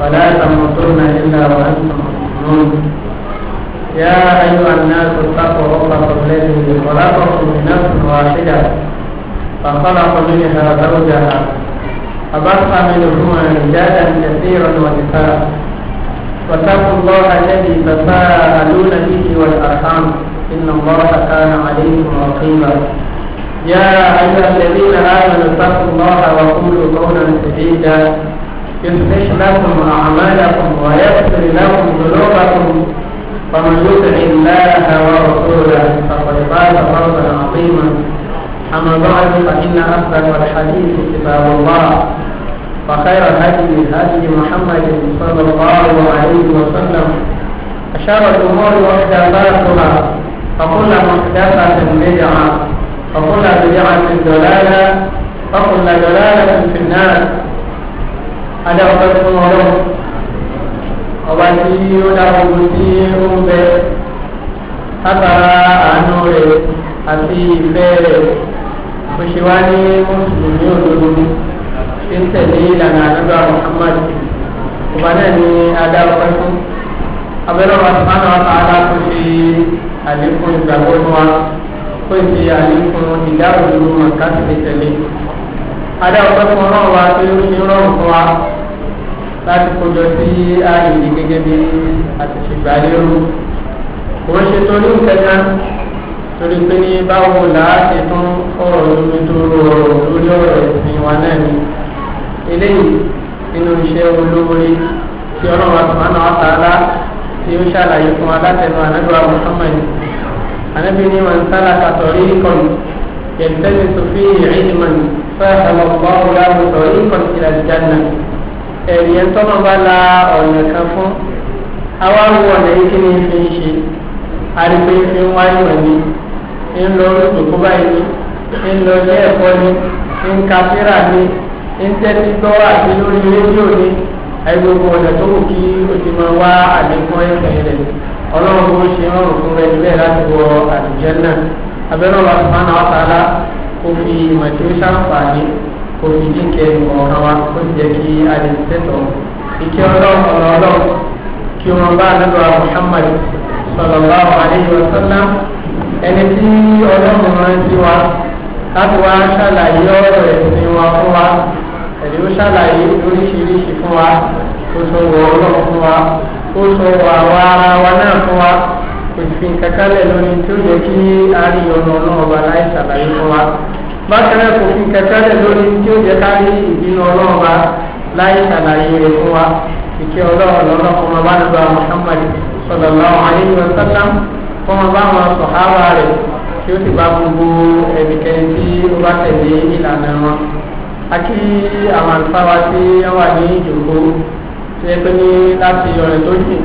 ولا تموتن إلا وأنتم مسلمون يا أيها الناس اتقوا ربكم الذي خلقكم من نفس واحدة فخلق منها زوجها فبقى منهما رجالا كثيرا ونساء واتقوا الله الذي تساءلون به والارحام ان الله كان عليكم رقيبا يا ايها الذين امنوا اتقوا الله وقولوا قولا سديدا يصلح لكم أعمالكم ويغفر لكم ذنوبكم فمن يطع الله ورسوله فقد فاز فوزا عظيما أما بعد فإن أصدق الحديث كتاب الله وخير الهدي هدي محمد صلى الله عليه وسلم أشار الأمور محدثاتها فكل محدثة بدعة وكل بدعة ضلالة وكل ضلالة في النار adáwọ̀pẹ́ fún ọlọ́run ọba tí ó dáwọ́ ogun tí ó ń bẹ látara àánú rẹ̀ àti ìfẹ́ rẹ̀ ó ṣe wá ní mùsùlùmí òdodo tí ń tẹ̀lé ìlànà àdúgbò Muhammad ọba náà ni adáwọ̀pẹ́ fún abẹ́rẹ́ wa sùpánà wa sàádà kò ṣe àlékún ìgbàgbọ́ wa kò ṣe àlékún ìdáwòlò màkàtì tẹ̀lé adá ọ̀pẹ́ fún ọlọ́run wa tó ń ṣe rọrùn fún wa láti kójọ sí ààyè yìí gẹ́gẹ́ bí àtìṣègbà lérò kò ń ṣe torí nkẹta torí pé ní báwo là á ṣe tún ọ̀rọ̀ lómi tó rọrọ̀ lórí ọ̀rọ̀ ìsìn wa náà ni eléyìí nínú iṣẹ́ olóore tí ọlọ́run wa sọ̀rọ̀ náà tààlà tí ó ṣàlàyé fún wa látẹnu ànágbà Muhammad anábìíní wọn sálà kàtọ́rí kọ́ni yẹtẹ́ni sọfí ìrìnnìmọ̀nì fẹ́ẹ́ ọlọ́pàá ọ̀gáwó sọ̀rọ̀ ìkọ̀síra ìjànà ẹ̀rí ẹ̀ tọ́nà bá la ọ̀nà kan fún àwa wo ọ̀nà yìí kí ni fi ń ṣe àrígbé fi ń wáyé òní ń lọ olùdókó báyìí ní ń lọ ilé ẹ̀kọ́ ní ń ka fíra ní ń tẹ́tí gbọ́ àti lórí rédíò ní àìgbogbo ọ̀nà tó kù kí o ti máa wá àlékún ẹ̀sìn rẹ̀ ọlọ́run bó ṣe rọrùn fún rẹ̀ níbẹ̀ láti wọ àdìjẹ́ náà abẹ́rẹ́ ọ̀la kó fi ìmọ̀ tí ó ṣàǹfààní kó fi dínkẹ́ ọ̀kan wa kó sì jẹ́ kí a lè tẹ̀tọ̀ ìkẹ́ ọlọ́run ọ̀rọ̀ ọlọ́run kí wọ́n bá anábọ̀ Muhammad sallallahu alaihi wa sallam ẹni tí ọlọ́run rán sí wa láti wá ṣàlàyé ọ̀rọ̀ ẹ̀sìn wa fún wa ẹ̀dí ó ṣàlàyé oríṣiríṣi fún wa ó sọ wọ ọlọ́run fún wa ó sọ wọ àwa ara wa náà fún wa òfin kankanlẹ̀ lórí tó yẹ kí a rí ọ̀nà ọ̀nà ọba láì ṣàlàyé fún wa bákan náà òfin kankanlẹ̀ lórí tó yẹ ká rí ìbínú ọ̀nà ọba láì ṣàlàyé fún wa ìkẹ́ ọlọ́run lọ́nà fún ọba nígbà Muhammad sallallahu alaihi wa sallam fún ọba àwọn sọ̀hábà rẹ̀ tí ó sì bá gbogbo ẹnikẹ́ni tí ó bá tẹ̀lé ìlànà wọn. a kí àwọn àlùfáà wa tí wà ní ìjòkó tí ẹ pé ní láti ọ̀rẹ́ tó jìn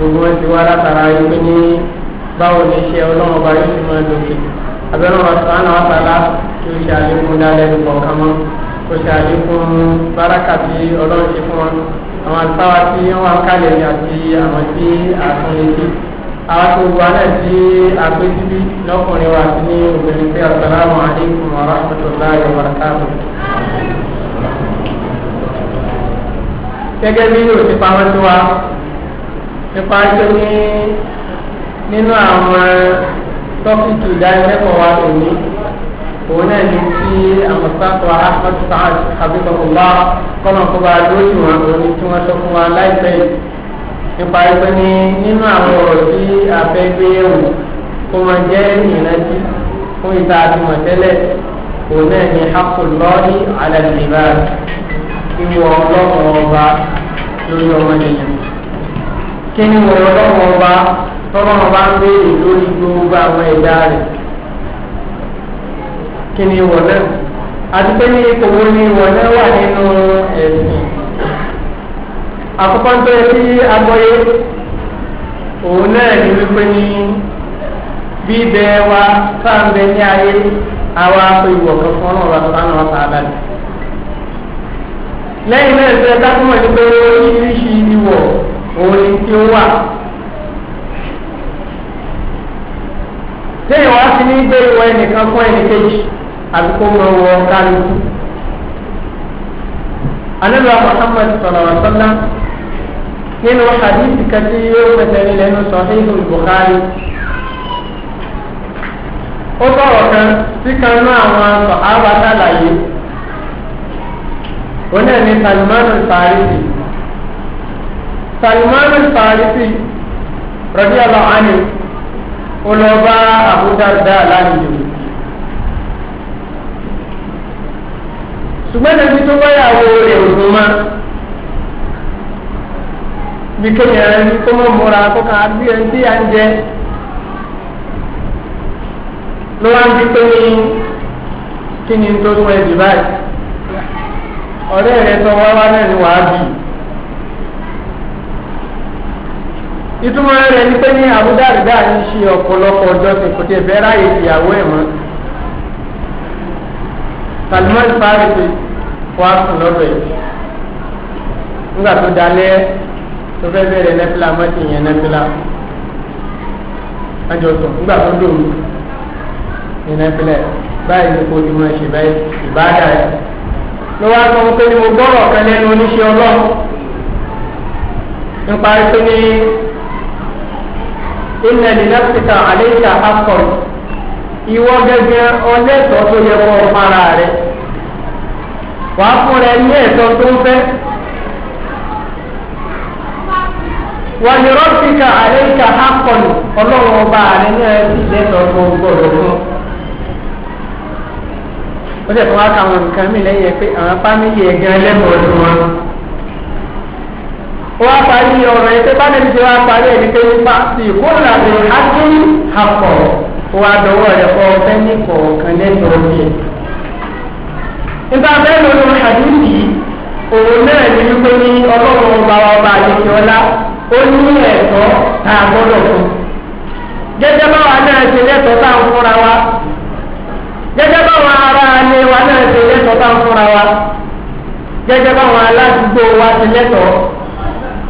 gbogbo wọn ti wá látara yìí pé ní báwo ni iṣẹ́ ọlọ́run ọba yóò ti máa lòkè abẹ́rẹ́ wọn sọ àná àtàlà kí o ṣe àlékún dálẹ́ nípa ọ̀kan mọ́ o ṣe àlékún báràkà tí ọlọ́run ṣe fún wọn àwọn àtàwà tí wọ́n wá kálẹ̀ ní àti àwọn tí àtún létí àwọn tó wà náà tí àpéjú bí lọ́kùnrin wa ti ní obìnrin pé asalaamu aleykum wa rahmatulahi wa barakatuh. gẹ́gẹ́ bí yóò ti pamọ́ sí wa nípa ṣe ní nínú àwọn tọ́kìtì ìdánilẹ́kọ̀ọ́ wa lónìí òun náà ní tí àwọn sáfà ahmed saad abdulkọ́lá kọ́nà kó bá lóyún wọn òní tí wọ́n sọ fún wa láìpẹ́ yìí nípa ẹgbẹ́ ní nínú àwọn ọ̀rọ̀ tí a fẹ́ gbé yẹ̀wò kó máa jẹ́ ìrántí fún ìta àtúmọ̀ tẹ́lẹ̀ òun náà ní hapulọ́ọ̀lì alẹ́ nìbàdàn ìwọ ọlọ́run ọba lórí ọmọ nìyẹn kini ni wọ́n lọ́wọ́ ọba tọ́wọ́ ọba ń béèrè lórí gbogbo àwọn ẹ̀dá rẹ̀ kí ni wọ́n náà àti pé ní ipò wo ni wọ́n náà wà nínú ẹ̀sìn àkọ́kọ́ tó yẹ kí agbọ́yé òun náà ní wípé ní bíbẹ wa sáǹbẹ ní ayé àwa pé ìwọ̀ kan fún ọ̀nà ọ̀rọ̀ sánà ọ̀sán abẹ́lẹ̀ lẹ́yìn náà ṣe dákúmọ̀ ní pé oríṣiríṣi ìwọ̀ òun ni tí ó wà. téèyàn wá sí ní gbé ìwọ ẹnìkan fún ẹnìkejì àti kó mọ wọ kálukú. anábìá Muhammad sọ̀rọ̀ sọ́dá nínú hadithi kan tí yóò fẹsẹ̀ nílẹ̀ nínú Sahihul Bukhari ó sọ̀rọ̀ kan tí kan náà àwọn sọ̀ ábàtà oní ẹni Salmanu Farisi. Salman al-Farisi radiyallahu anhu olọba Abu Darda lánìí ṣùgbọ́n nàbí tó báyàwó rẹ̀ ògùn ma bí kéèyàn ẹni tó mọ̀ mọ́ra kó kà á bí ẹni tí à ń ọ̀rẹ́ rẹ̀ sọ wá wá náà ni wàá bì í. ìtumọ̀ rẹ̀ ni pé ní àbúdàrídà ń ṣe ọ̀pọ̀lọpọ̀ ọjọ́ tí kò tẹ̀ fẹ́ ráyè ìyàwó ẹ̀ mọ́ Salman Farisi wà sùn lọ́dọ̀ yìí nígbà tó dalẹ̀ tó fẹ́ bẹ̀rẹ̀ nẹ́fìlà mọ́tì yẹn nẹ́fìlà ẹjọ́ sùn nígbà tó dòwú ní nẹ́fìlà báyìí ni kò ti mọ ẹ̀ṣẹ̀ báyìí ìbáàdà rẹ̀ ló wá sọ pé mo gbọ́rọ̀ kan lẹ́nu oníṣẹ́ ọlọ́run nípa pé ilẹ̀ ní lásìkò àléjà akọ̀rọ̀ ìwọ gẹ́gẹ́ ọlẹ́tọ̀ọ́ tó yẹ kọ́ para rẹ̀ wàá fún rẹ ní ẹ̀tọ́ tó ń fẹ́. wà ní rọ́ọ̀sìkà àléjà akọ̀rọ̀ ọlọ́run ọba rẹ̀ ní ẹ̀sìn lẹ́tọ̀ọ́ tó gbọ́dọ̀ fún ó sì tún wá ka àwọn nǹkan mi lẹ́yìn ẹ pé àwọn fámìlì ẹ̀gán ẹlẹ́mọ̀ọ́ sí wọn wọ́n á parí ọ̀rọ̀ ẹ̀ṣẹ́ bá lẹ́nu tí wọ́n á parí ẹ̀mí pé nípa sí ìkórìíra rẹ̀ á tún àpọ̀ wọ́n á dọ̀wọ́ rẹ̀ kọ́ ọ̀fẹ́ ní kọ̀ọ̀kan lẹ́tọ̀ọ́ rẹ̀. nígbà bẹ́ẹ̀ ló ló hàdúùsì òun náà ní wípé ní ọlọ́run ọba ọba àdìsí ọlá ó ní ẹ̀tọ́ tá a gbọ́dọ̀ fún. gẹ́gẹ́ báwa náà ṣe lẹ́tọ̀ọ́ tá ń fúnra wa gẹ́gẹ́ báwa ará alẹ́ wa náà ṣe lẹ́tọ̀ọ́ tá ń fúnra wa gẹ́gẹ́ báwa aládùúgbò wa ṣe lẹ́tọ̀ọ́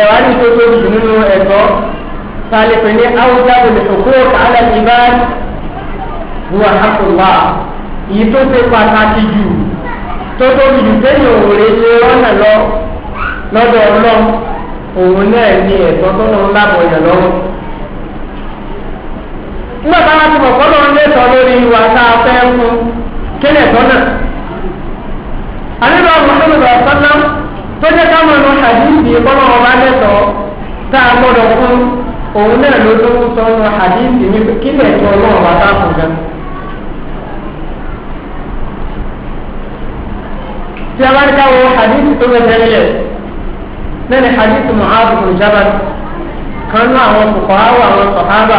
ẹ̀wá ní tó tóbi jù nínú ẹ̀tọ́ sálẹ̀pẹ̀ ní áwùjá òlè òkú ọ̀tàlẹ̀ ìbáyé wà hàkùnwá èyí tó ṣe pàtàkì jù tó tóbi jù sẹ́yìn òwúrẹ́ ṣe ọ̀nà lọ lọ́dọ̀ ọlọ́run òun náà ní ẹ̀tọ́ tó lọ́n lábọ̀ yàn lọ́wọ́ nígbà táwa ti mọ̀ kọ́lọ́ ń lẹ́tọ̀ lórí ìwà tá a fẹ́ fún kílẹ̀ tọ́nà. àníbàá mọ̀tò lọ́sọ̀lá tọ́jà táwọn ọmọ hadithi bọ́lá ọba lẹ́tọ̀ọ́ tá a gbọ́dọ̀ fún òun náà ló tó ń sọ ọmọ hadithi ní kílẹ̀ tó ọlọ́run bá tá fún gan. tí a bá rí káwọ hadithi tó bẹ tẹ́lẹ̀ lẹ́nu hadithi mu'adh bin jabal kan ní àwọn kòkòrò àwọn sọ̀hábà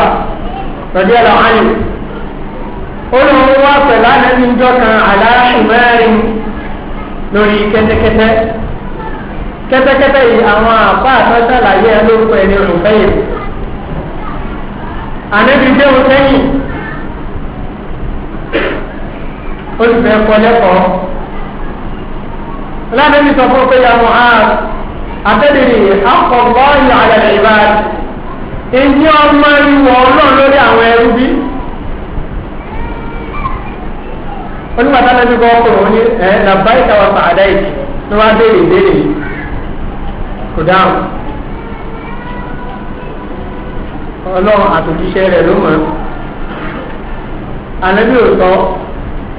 rọ̀dí ẹ̀rọ ayé olùwọ́n wá pẹ̀lú ànábi ìjọ kan àlá ìmẹ́rin lórí kẹ́tẹ́kẹ́tẹ́. kẹ́tẹ́kẹ́tẹ́ yìí àwọn àbá àtọ́sàlàyé ẹ lórúkọ ẹni olùfẹ́yìn ànábi déhùn sẹ́yìn olùfẹ́ kọ́ lẹ́kọ̀ọ́ lánàbí sọ fún péye àwọn àrùn àtẹ́lẹ́rì akọ̀gbọ́ ìyá àyàlẹ̀ ìbára èyí ọmọ ìwọ̀ ọlọ́run lórí àwọn ẹrú bí onígbàtà lẹ́nu kọ́ ọkùnrin ní ẹ̀ làbáyé tàwọn fàdá ni wọ́n á béèrè ìbéèrè yìí kò dáhùn ọlọ́run àtòjíṣẹ́ rẹ̀ ló mọ̀ ànábì ò sọ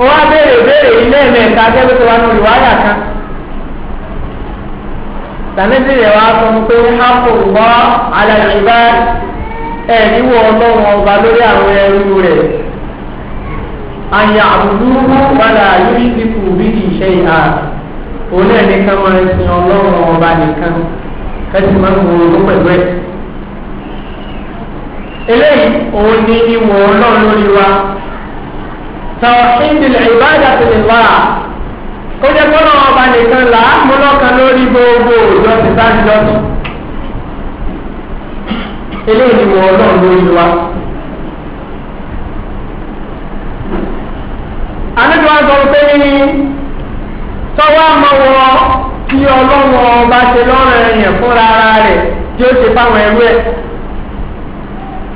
ó wá béèrè béèrè ilé ẹ̀mẹ́ta gẹ́gẹ́ tó wá ní olùwáyà kan tànẹ́bí rẹ̀ wá sọ pé hápò gbọ́ alàyèbá ẹ̀ níwọ̀ ọlọ́run ọba lórí àwọn ẹrú rẹ̀ àyà àbùdúrú padà yóò ti kù bí ìṣe ìhà òun náà nìkan máa ń sin ọlọ́run ọba nìkan kẹ́sì máa ń wo owó pẹ̀lú ẹ̀. eléyìí òun ni ìwọ̀ ọlọ́run lórí wa tàwọn ìdílé ìbáàdà ti lè wá ó jẹ́ kọ́nà ọba nìkan là á mú lọ́kàn lórí gbogbo òjò ti bá lọ́sùn. eléyìí ni ìwọ̀ ọlọ́run lórí wa. àlejò àgbọ̀n pé ní tọ́wọ́ àmọ́ wọ tí ọlọ́run ọba ṣe lọ́rùn ẹ̀yàn fúnra ara rẹ̀ tí ó ṣe fáwọn ẹrú ẹ̀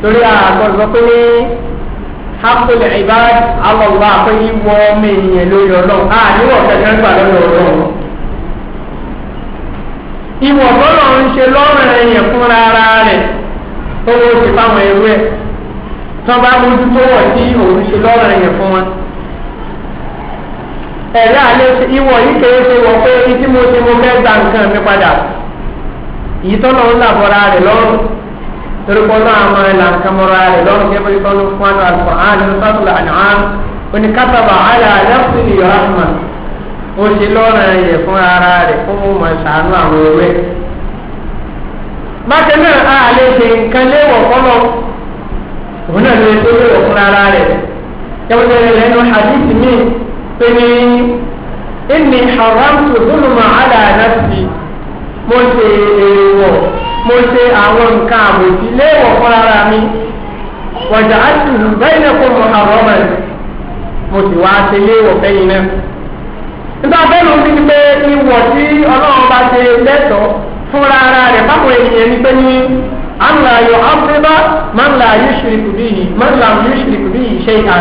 torí àgbọ̀dọ̀ pé ní hapole ibad alọ́lá pé ìwọ ọmọ ènìyàn lórí ọlọ́run a níwọ̀ kẹ̀kẹ́ gbà lọ́dọ̀ ọlọ́run ìwọ̀ tọ́lọ̀ ń ṣe lọ́rùn ẹ̀yàn fúnra ara rẹ̀ tó ó ṣe fáwọn ẹrú ẹ̀ tọ́ba mójútó wọ̀ tí òun ṣe lọ́rùn ẹ̀yàn fún wọn ẹ̀rí àlẹ́ ìwọ̀ yìí kéré ṣe wọ pé ibi mo ti mo fẹ́ gba nǹkan mi padà yìí tọ́nà ń làbọ̀ra rẹ̀ lọ́rùn torí kọ́ náà máa là ń kàmọ́ra rẹ̀ lọ́rùn kí ẹbí tọ́nu fún àná àlùfáà ní sátúlà àná oní kátàbà àlẹ́ àlẹ́ fún ìyọ̀ rahman ó ṣe lọ́rùn ẹ̀yẹ fún ara rẹ̀ fún mo mọ̀ ṣàánú àwọn ewé. bákan náà a lè ṣe nǹkan léwọ̀ fọ́lọ́ òun náà lè tó léwọ̀ fún ara rẹ̀ yàtọ̀ pé ní inni haramtu zulma ala nafsi mo ṣe èèwọ̀ mo ṣe àwọn nǹkan àbòsí léèwọ̀ fún ara mi wàjà á sì hù bẹ́ẹ̀ ní kó mo àrọ́mọ̀ mo sì wá ṣe léèwọ̀ fẹ́yìn náà. nígbà bẹ́ẹ̀ ló ń bí pé ìwọ̀ tí ọlọ́run bá ṣe lẹ́tọ̀ọ́ fúnra ara rẹ̀ báwo ènìyàn ní pé ní àmì àyọ̀ áfíríkà máa ń la yóò ṣe ìkùbí yìí máa ń la yóò ṣe ìkùbí yìí ṣe ìhà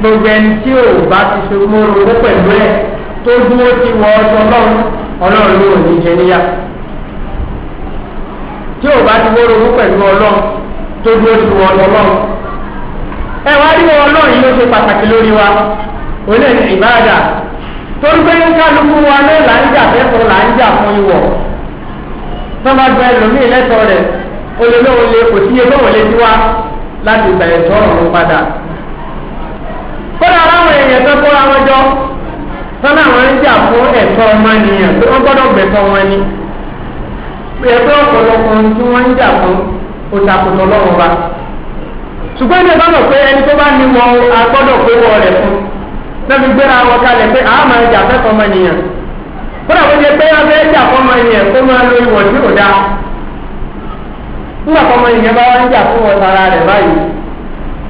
gbogbo ẹni tí ò bá ti ṣòro owó pẹ̀lú ẹ̀ tó dúró ti wọ ọjọ́ ọlọ́run ọlọ́run ló ní jẹ níyà tí ò bá ti wọ́rọ̀ owó pẹ̀lú ọlọ́run tó dúró ti wọ ọjọ́ ọlọ́run ẹ wá rí wọn ọlọ́run yìí ló ṣe pàtàkì lórí wa òun náà ní ìbáradà torí pé kálukú wa náà là ń jà fẹ́fọ́ là ń jà fún ìwọ̀ tọ́ba gba ẹlòmíì lẹ́tọ̀ọ́ rẹ̀ olè náà olè kò sí ebí òun lè ti láti gbà ẹ̀tọ́ ọ̀run padà kódà àwọn èèyàn tó kóra wọn jọ sọ́nà àwọn ń jà fún ẹ̀tọ́ ọmọnìyàn pé wọ́n gbọ́dọ̀ gbẹ̀tọ́ wọn ni ẹgbẹ́ ọ̀pọ̀lọpọ̀ tí wọ́n ń jà fún òtàkùtà ọlọ́run bá ṣùgbọ́n ní ọba mọ̀ pé ẹni tó bá ní wọn agbọ́dọ̀ pé wọ́n rẹ̀ fún lẹ́bi gbéra wọn kalẹ̀ pé àá máa jà fẹ́ fọmọ ènìyàn kódà bó pé abẹ́ jà fọmọ ènìyàn kó máa lo ìwọ̀n tí ò dáa nígbà fọmọ bá wá ń jà fún wọn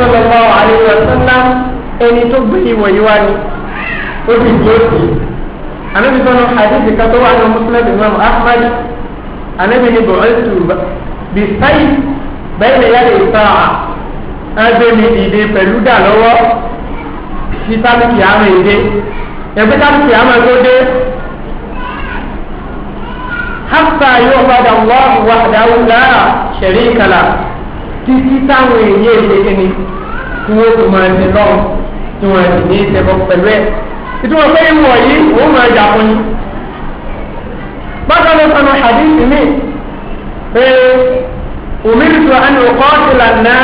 sallallahu alaihi wasallam ẹni tó gbé ìwọ̀ yìí wá ni ó sì di òsì anabi sọ̀rọ̀ hadithi kan tó wà ní muslim imam ahmad anabi ni bọ̀ọ́sù bí sáyì bẹ́ẹ̀ ni yára ìsáà ẹgbẹ́ni ìdè pẹ̀lú dà lọ́wọ́ sí sábìkì àmà èdè ẹgbẹ́ sábìkì àmà tó dé hafsa yóò padà wá wàdáwù lára ṣẹ̀rí kala títí táwọn èèyàn èdè kìíní tí wọ́n tó máa ti lọ́wọ́ tí wọ́n ti ní ìṣẹ̀bọ̀ pẹ̀lú ẹ̀. ìtumọ̀ pé ìmọ̀ yìí òun máa jà fún yín. bákan náà sọ̀nà àdìsí mi pé òmìnirìtò àni ọkọ̀ ìlà náà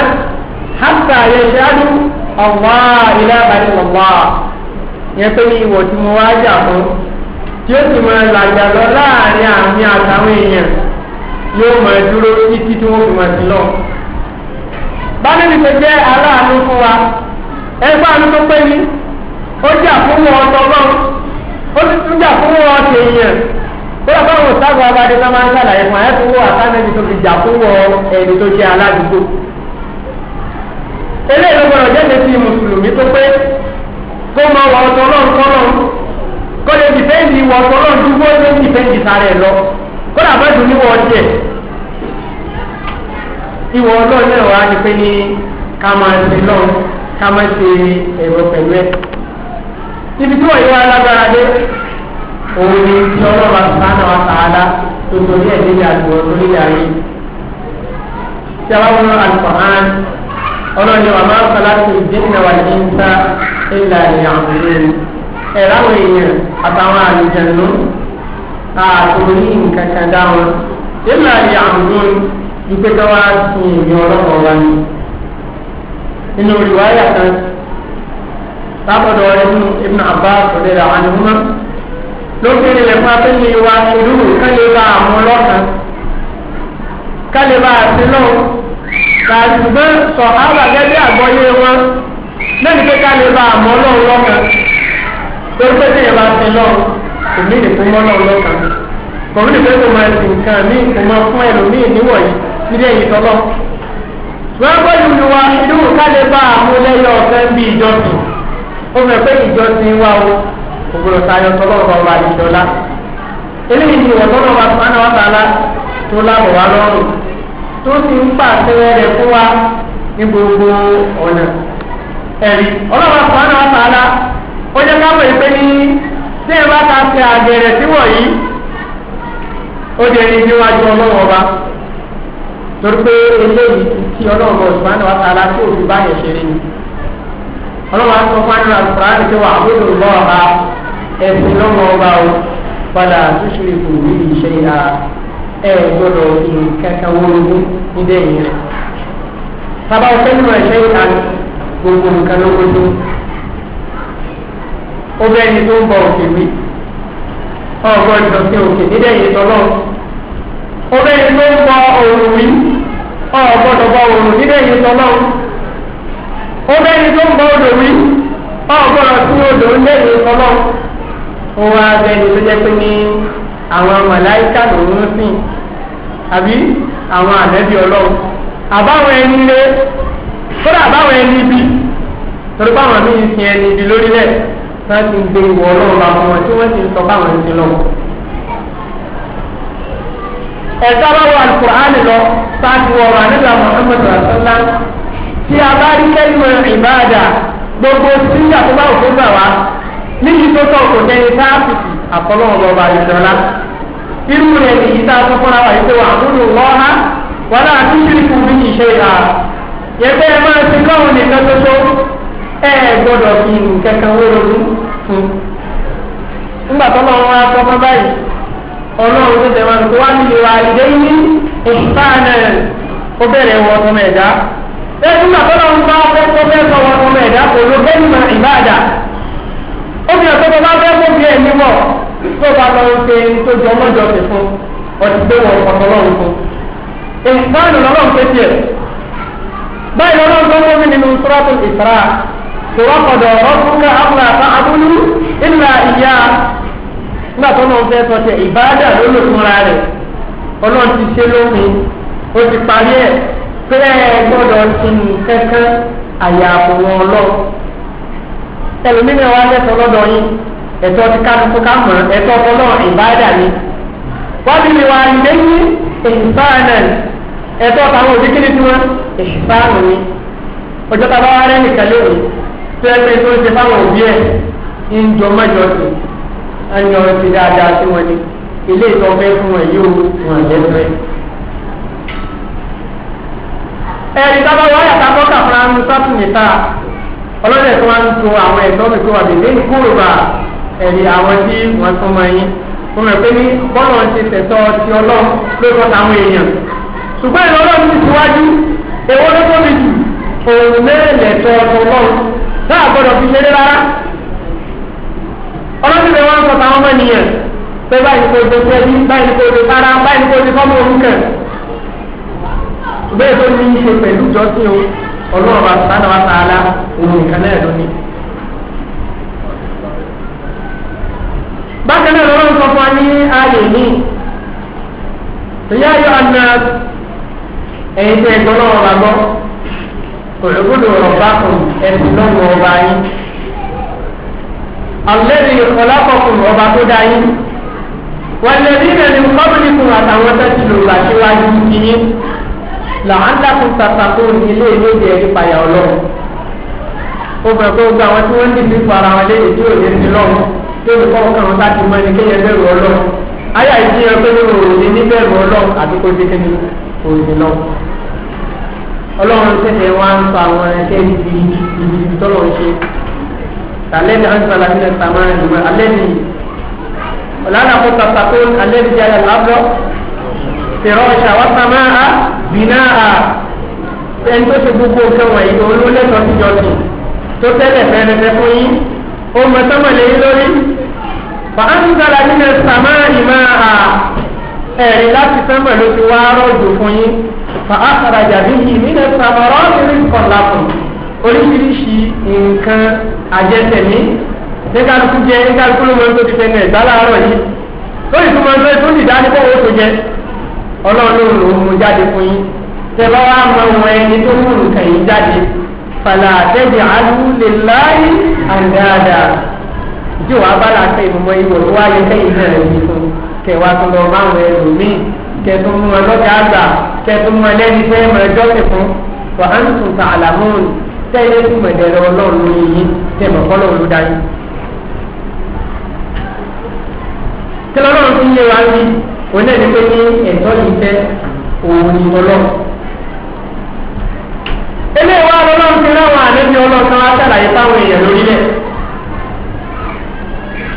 hàtà yẹ ṣáájú ọ̀wá ilé àbáyé ọ̀wá. ìyẹn pé ní ìwọ̀ tí mo wá jà fún tí ó sì máa làjà lọ láàrin àmì àtàwọn èèyàn yóò máa dúró títí tí wọ́n fi máa ti lọ́wọ́. na tó jẹ́ aláàánú fún wa ẹgbẹ́ àánú tó pé ní ó jà fún wọn ọtọgbọ́n ó sì tún jà fún wọn ọtẹ èèyàn bóyá báwọn sáàgùn abadé ká máa ń sàlàyé fún ẹ fún wọn àtànẹ́bí tó fi jà fún wọn ẹni tó jẹ́ aládùúgbò eléyìí ló gbọdọ̀ jẹ́ ní mùsùlùmí tó pé kó mọ wọn ọtọlọ́run kọ́lọ́run kó lè dìfẹ́ǹdì wọn ọtọlọ́run dúró sáré lọ kó ní wọn ìwọ ọlọ́run náà wá ní pé ní ká máa ṣe lọ́run ká máa ṣe ẹ̀rọ pẹ̀lú ẹ̀. ibi tí wọ́n yí wá lágbára dé òun ni tí ọlọ́run àtúntàn wa tààlà tó torí ẹ̀ nílẹ̀ àti wọn lórí ayé. tí a bá wọn alùpàán ọlọ́run ni wàá máa ń fọlá sí ìdíjìnà wà ní ìta ìlà ìyàwó ẹ̀rọ àwọn èèyàn àtàwọn àlùjẹ̀nu àtòrí nǹkan kan dáhùn ìlà ìyàwó ipe ká wá sin èmi ọlọ́kọ̀ọ́ wa ni nínú ìwáyà kan sábọ̀dọ̀ ẹnu ibn abbas ọ̀dẹ̀dà àníhùmá lókè ilẹ̀ fún abẹ́lé wa ìlú kálẹ̀ bá àwọn ọlọ́kan kálẹ̀ bá àti lọ́wọ́ kàṣùgbọ́n sọ àbàgẹ́dẹ́ àgbọ́yé wọn lẹ́nu pé kálẹ̀ bá àmọ́ ọlọ́run lọ́kan tó pé tí ìyẹn bá ti lọ́wọ́ kò ní ìdìkú mọ́ ọlọ́run lọ́kan kò ní mọ́ ẹ̀sìn kan ní sílé ìtọ́lọ́. wọ́n gbọ́dọ̀ lu wa ìlú kálẹ̀ bá àwọn lẹ́yìn ọ̀fẹ́ ń bí ìjọsìn ó fẹ́ pé ìjọsìn wa o ògbòrò tayọ tọ́lọ́ ọba ọba ìjọlá. eléyìí ni ìwọ̀n tọ́lọ́ wa sùpánà wa tààlà tó lábọ̀ wá lọ́rùn tó ti ń pàṣẹ rẹ̀ fún wa ní gbogbo ọ̀nà. ẹ̀rí ọlọ́wà sùpánà wa tààlà ó jẹ́ ká wẹ̀ pé ní tí ẹ bá ta ṣe àgẹ̀rẹ̀ síwọ̀ yìí ó di ẹni torí pé eléyìí tí ọlọ́run bọ̀ ṣùgbọ́n àwọn tààlà tí òfin báyẹn ṣeré ni ọlọ́run aṣọ fáwọn àlùkòrá ti pé wà àbúrò lọ́ ọba ẹ̀sìn lọ́mọ ọba o padà ṣíṣe ìbò ní ìṣe ìhà ẹ̀ gbọ́dọ̀ ìkẹ́kẹ́ wọ́ọ́rọ́ níbẹ̀ yẹn rẹ̀. sábà ọ̀fẹ́ nínú ẹ̀ṣẹ́ ìhà gbogbo nǹkan ló gbójú ó bẹ́ẹ̀ ni tó ń bọ òkè wí ọ̀gbọ́n ìdọ̀tí ọbẹ̀ yìí ló ń bọ òòrùn wí ọ̀gbọ́dọ̀ bọ òòrùn nílé yìí sọ náà ọbẹ̀ yìí ló ń bọ odò wí ọ̀gbọ́dọ̀ tún odò nílé yìí sọ náà wọn wá bẹ́ẹ̀ni tó jẹ́ pé ní àwọn màláìka lòún sìn àbí àwọn ànẹ́bí ọlọ́run àbáwọn ẹni lé kódà àbáwọn ẹni bí torí báwọn míì sin ẹni bí lórílẹ̀ náà gbé ìwọ ọlọ́run bá wọn tí wọ́n ti sọ báwọn ń lọ́wọ́ ẹ̀ka bá wà alukur'ani lọ sáàtì wọ̀rọ̀ àníbà muhammed rasulá tí a bá rí kẹ́lìmọ̀ ìbáàdà gbogbo tí àtúbà òfin gbà wá níbi tó tọ̀ kò dẹni sáàpìtì àkọlọ́wọ́ lọ́ba ìṣọ̀lá irú rẹ̀ nìyí tá a tún fúnra wà yìí pé wà nínú lọ́ha wọn náà tún kiri kù bí ìṣe ìhà yẹgbẹ́ ẹ máa ti kọ́hún nìkan tótó ẹ gbọ́dọ̀ fi nǹkan kan wérò fún un. ńgbà tó lọ́wọ́ wá sọ́mọ́ ọlọ́run tó tẹ̀wọ́n tó wá nílò àìdé ní ìsúpáànà ó bẹ̀rẹ̀ wọ ọmọ ẹ̀dá. lẹ́yìn ìgbà tọ́lọ́run bá fẹ́ kó fẹ́ sọ wọ ọmọ ẹ̀dá kò ló bẹ́ẹ̀ mọ ìbáàdà. ó fi hàn pé tó bá fẹ́ kó bí ẹ̀mí bọ̀ tó bá lọ ṣe tó jọ ọmọjọ ṣe fún ọtí pé wọ ọ̀tọ̀lọ́run fún. ìsúpáànà lọ́lọ́run pé tiẹ̀. báyìí lọ́lọ́run tó fún mi nínú sọ́rọ́ وقد ربك ألا تعبدوا إلا إياه nígbà tó lọ́n fẹ́ sọ tẹ ìbáàdà ló lò fúnra rẹ̀ ọlọ́run ti ṣe lófin ó ti parí ẹ̀ pé ẹ gbọ́dọ̀ ti nù kankan àyà àbòwọ̀n ọlọ́run ẹlòmíràn wa lẹ́tọ̀ lọ́dọ̀ yín ẹ̀tọ́ ti kálukú ká mọ̀ ẹ̀tọ́ ọlọ́run ìbáàdà ni wọ́n ti lè wà lẹ́yìn ìbáàdà ẹ̀tọ́ táwọn òbí kí ni tiwọn ìbáàdà ni ọjọ́ tá a bá wá rẹ́ nìkan lónìí tó ẹgbẹ́ tó ń ṣe fáwọn òbí ẹ̀ ń jọ mọ́jọ sí i ẹ̀yọ́ ti dáadáa sí wọn ni ilé ìtọ́fẹ́ fún wọn yóò wọn lẹ́fẹ́. ẹ̀rí tábà wọ́n yàtá bọ́kà fúnra ń sọ́tù níta ọlọ́dẹ̀ tó wá ń tún àwọn ẹ̀tọ́ mi tó wà bèbè ní kúrò bá ẹ̀rí àwọn tí wọ́n tún mọ yín. mo mọ̀ pé ní bọ́lọ̀ ti tẹ̀tọ́ ti ọlọ́run ló tọ́ táwọn èèyàn. ṣùgbọ́n ìlú ọlọ́run ti síwájú èwo ló tóbi jù òun ọmọnìyàn pé báyìí kò dé pẹ́ẹ́bí báyìí kò dé para báyìí kò dé fọ́mọ orúkẹ̀ bẹ́ẹ̀ tó ní í ṣe pẹ̀lú ìjọsìn o ọlọ́run bá sánà wá sáálá òun nìkan náà lónìí. bákan náà lọ́wọ́ sọ fún wa ní ààyè ní ìyá ayọ̀ àná ẹ̀yìn tẹ̀ ẹ̀gbọ́n náà wà gbọ́ òyìnbó ló bá kùn ẹ̀sìn lọ́wọ́ ọba yìí alẹ́bí ìkọlákọ̀kùn ọba tó dá yín wàlẹ́bí ìrẹ̀lẹ̀ kọ́mìnìkùn àtàwọn tẹ́tí lòlù àṣewájú yín làándàkùn tàtàkù ilé ìlú ìdí ẹ̀rí payà ọlọ́run ó bẹ̀rẹ̀ pé gbogbo àwọn tí wọ́n ti fi para wọn léyìí tí ò ti lọ́run tí olùkọ́ kan wọn bá mọ ẹni kéèyàn ọlọ́run ayé àìsí yẹn pé nínú òòlì ní bẹ̀rù ọlọ́run àti kó dékè ní òòlì lọ́wọ́ ọlọ́run tẹ̀lé wá ń sọ àwọn ẹ̀kẹ́ ibi ibi tọ́lọ́ ṣe الذي أنزل من السماء الذي لا نقول تتقون الذي جعل الأرض فراشا والسماء بناء ẹni tó ṣe gbogbo nǹkan wọ̀nyí olówó lẹ́tọ̀ọ́ sí jọ́sìn tó tẹ́lẹ̀ fẹ́rẹ́fẹ́ fún yín ó mọ sọ́mọ̀lẹ́ yín lórí fàánùsàlà nílẹ̀ sàmáàlì máa hà ẹ̀rí láti sẹ́mọ̀ ló ti wá rọ̀jò fún yín fàákàràjà bíi nílẹ̀ sàmọ̀rọ̀ ní kọ̀lákùn. oríṣiríṣi nǹkan àjẹsẹ̀mí nígbàlùkù jẹ nígbàlùkù ló máa ń tó ti ìgbàláàárọ̀ yìí tó ìtú máa ń tó ìtú nìdá tó jẹ ọlọ́run ló mú jáde fún yín tẹ̀lé wa máa wọ ẹni tó mú nǹkan yìí jáde fàlà láyé ìjọ wa bá làákẹ́ ìmọ̀ ìwọ̀ tó wá kẹ́yìn náà yìí fún kẹwàá tó lọ tẹ́lẹ̀ fún mẹ̀dẹ̀rẹ̀ ọlọ́run ní yín tẹ̀mọ̀ fọlọ́run ló dáyé. tí lọ́lọ́run ti ń wa rí oní ẹni pé ní ẹ̀tọ́ yìí tẹ́ òun ni ọlọ́run. eléyìí wá lọ́lọ́run ti ráwọn àlejò ọlọ́kan wá sàlàyé fáwọn èèyàn lórílẹ̀.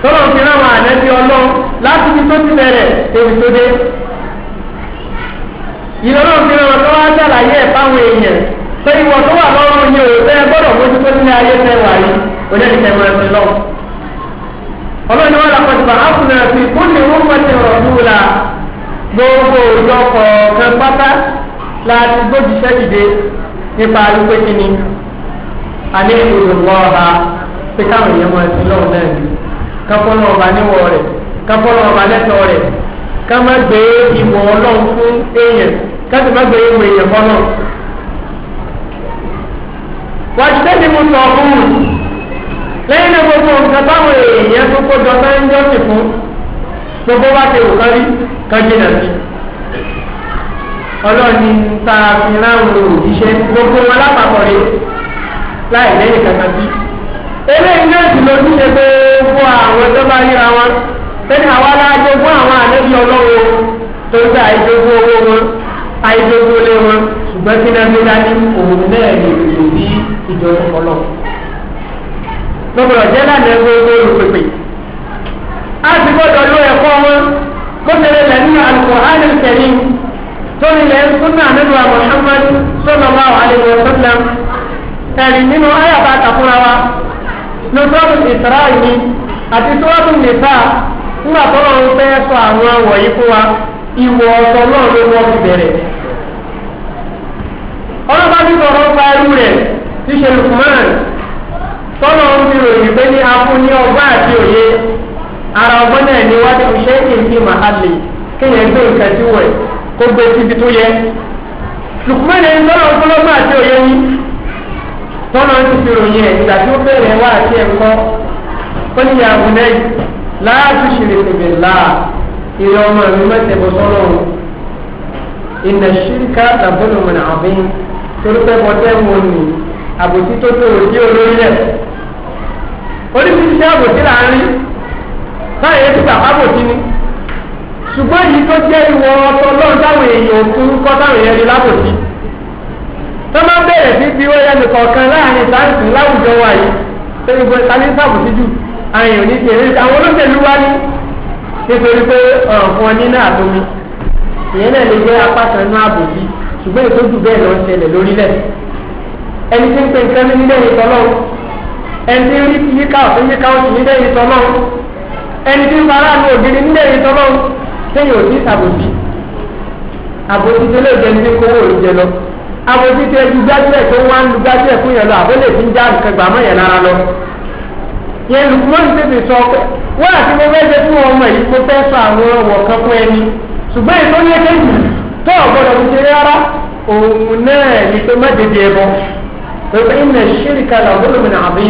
lọ́lọ́run ti ráwọn àlejò ọlọ́run láti fi tó ti bẹ̀rẹ̀ ebi tó dé. ìlọ́lọ́run ti ráwọn tó wá sàlàyé fáwọn èèyàn pé ìwọ tó wà lọ́rùn yìí o ẹ gbọ́dọ̀ mójútó ní ayé tẹwàá yìí onídìí tẹwàá ẹ̀sìn lọ́wọ́. ọlọ́run wọn làkọ́ ti bá áfùnà sí kúndì rúmọ̀tì rọ̀dúnla gbogbo ìjọ kọ̀ọ̀kan pátá láti gbójúṣẹ́ dìde nípa wípé kí ni alẹ́ ìrùwọ́ ọba pé káwọn èèyàn máa ti lọ́wọ́ náà ni kápọ́nà ọba níwọ̀ rẹ̀ kápọ́nà ọba lẹ́tọ̀ rẹ̀ ká má gbé ìwọ̀ ọlọ́run fún èèyàn ká sì má gbé ìwọ̀ èèyàn fọ́nà wàjúdẹ́ni mo sọ fún un lẹ́yìn náà gbogbo nǹkan táwọn èèyàn tó kó jọ sáyẹn jọ sì fún gbogbo bá ṣe wò kárí kájínà sí ọlọ́ọ̀ni tá a fi ráhùn lò òjíṣẹ́ gbogbo wọn lápapọ̀ rẹ̀ láì lẹ́yìn kankan sí eléyìí náà sì lọ sí ṣe gbogbo àwọn tó bá ríra wọn pẹ̀lú àwa la jogún àwọn àlejò ọlọ́wọ́ tó gbé àìjogún owó wọn àìjogún ilé wọn ṣùgbọ́n tí náà gbé dání òun náà lè lè rí ìjọba ọlọ́ lọ́gbọ̀dọ̀ jẹ́ lánàá gbogbo olùpèpè a ti gbọ́dọ̀ lo ẹ̀kọ́ wọn bó tẹ̀lé lẹ́nu Al-Qur'an Al-Karim tóni lẹ́ súnà nínú Muhammad sallallahu alaihi wa sallam ẹ̀rí nínú ayàbá kàfúnra wa lọ́sọ́ọ̀bù Isra yìí àti sọ́ọ̀bù nìta ńgbà tó lọ́wọ́ fẹ́ sọ àwọn wọ̀nyí fún wa ìwọ̀ ọ̀sọ̀ náà ló wọ́ ọlọ́pàá ti sọ̀rọ̀ pa ẹrú rẹ̀ ti ṣe lukman tọ́lọ̀ ń fi ròyìn pé ní akú ní ọgbà àti ara ọgbọ́n náà ni wọ́n ti fi ṣe èyí màhálì kéèyàn gbé nǹkan tí wọ̀ kó gbé síbi tó yẹ lukman ẹni tọ́lọ̀ ń àti òye tọ́lọ̀ ń fi ròyìn ẹ̀ tí ó bẹ̀rẹ̀ wá àti ẹ̀kọ́ ó ní ìyàwó náà lè ìnà ṣíríkà làbọ̀nà mọ̀nà àbíyìn torí pé bọ́tẹ́ wọn ni àbòsí tó tó òdí olórí rẹ̀ oríṣiríṣi àbòsí là ń rí báyìí ètò àbòsí ni ṣùgbọ́n yìí tó jẹ́ ìwọ ọtọ lọ́n táwọn èèyàn òkun kọ́ táwọn èèyàn rí lábòsí tó máa bẹ̀rẹ̀ sí bí wọ́n yẹnu kọ̀ọ̀kan láàrin sáǹsì láwùjọ wa yìí tó ní gbọ́dọ̀ tani sábòsí jù àyàn ní tèrè àwọn olóṣèlú wa ní nítorí pé ọ̀rọ̀ fún ọ ní náà tómi. ìyẹn náà lè jẹ́ apá kan ní ààbò yìí ṣùgbọ́n ètò lori bẹ́ẹ̀ lọ ṣẹlẹ̀ lórílẹ̀ ẹni tí ń pe nǹkan ní nílẹ̀ yìí tọ́lọ́ ẹni tí ń rí yíká ọ̀sán yíká oṣù nílẹ̀ yìí tọ́lọ́ ẹni tí ń ògiri nílẹ̀ yìí tọ́lọ́ sẹ́yìn lọ tó gbájúẹ̀ tó wá ń lu gbájúẹ̀ fún yẹn lọ lọ yẹn tètè sọ pé wọ́n àti mo fẹ́ fún ọmọ yìí mo fẹ́ sọ àwọn kan fún ṣùgbọ́n ètò ní ẹgbẹ́ ìlú tó ọ̀gbọ́dọ̀ ti ṣe rárá òun náà ní pé má dédé ẹbọ pẹ̀lú ìmọ̀ ṣíríkà làbọ́dọ̀ mi nàbí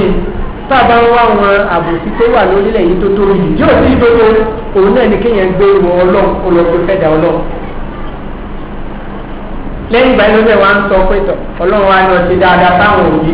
tábà ń wá àwọn àbòsí tó wà lórílẹ̀ yìí tó tóbi yóò sí gbogbo òun náà ní kéèyàn gbé wọ ọlọ́run olóògbé fẹ́ da ọlọ́run lẹ́yìn ìgbà yìí ló wá ń sọ pé tọ̀ ọlọ́run wa ni ọ̀sẹ̀ dáadáa táwọn òbí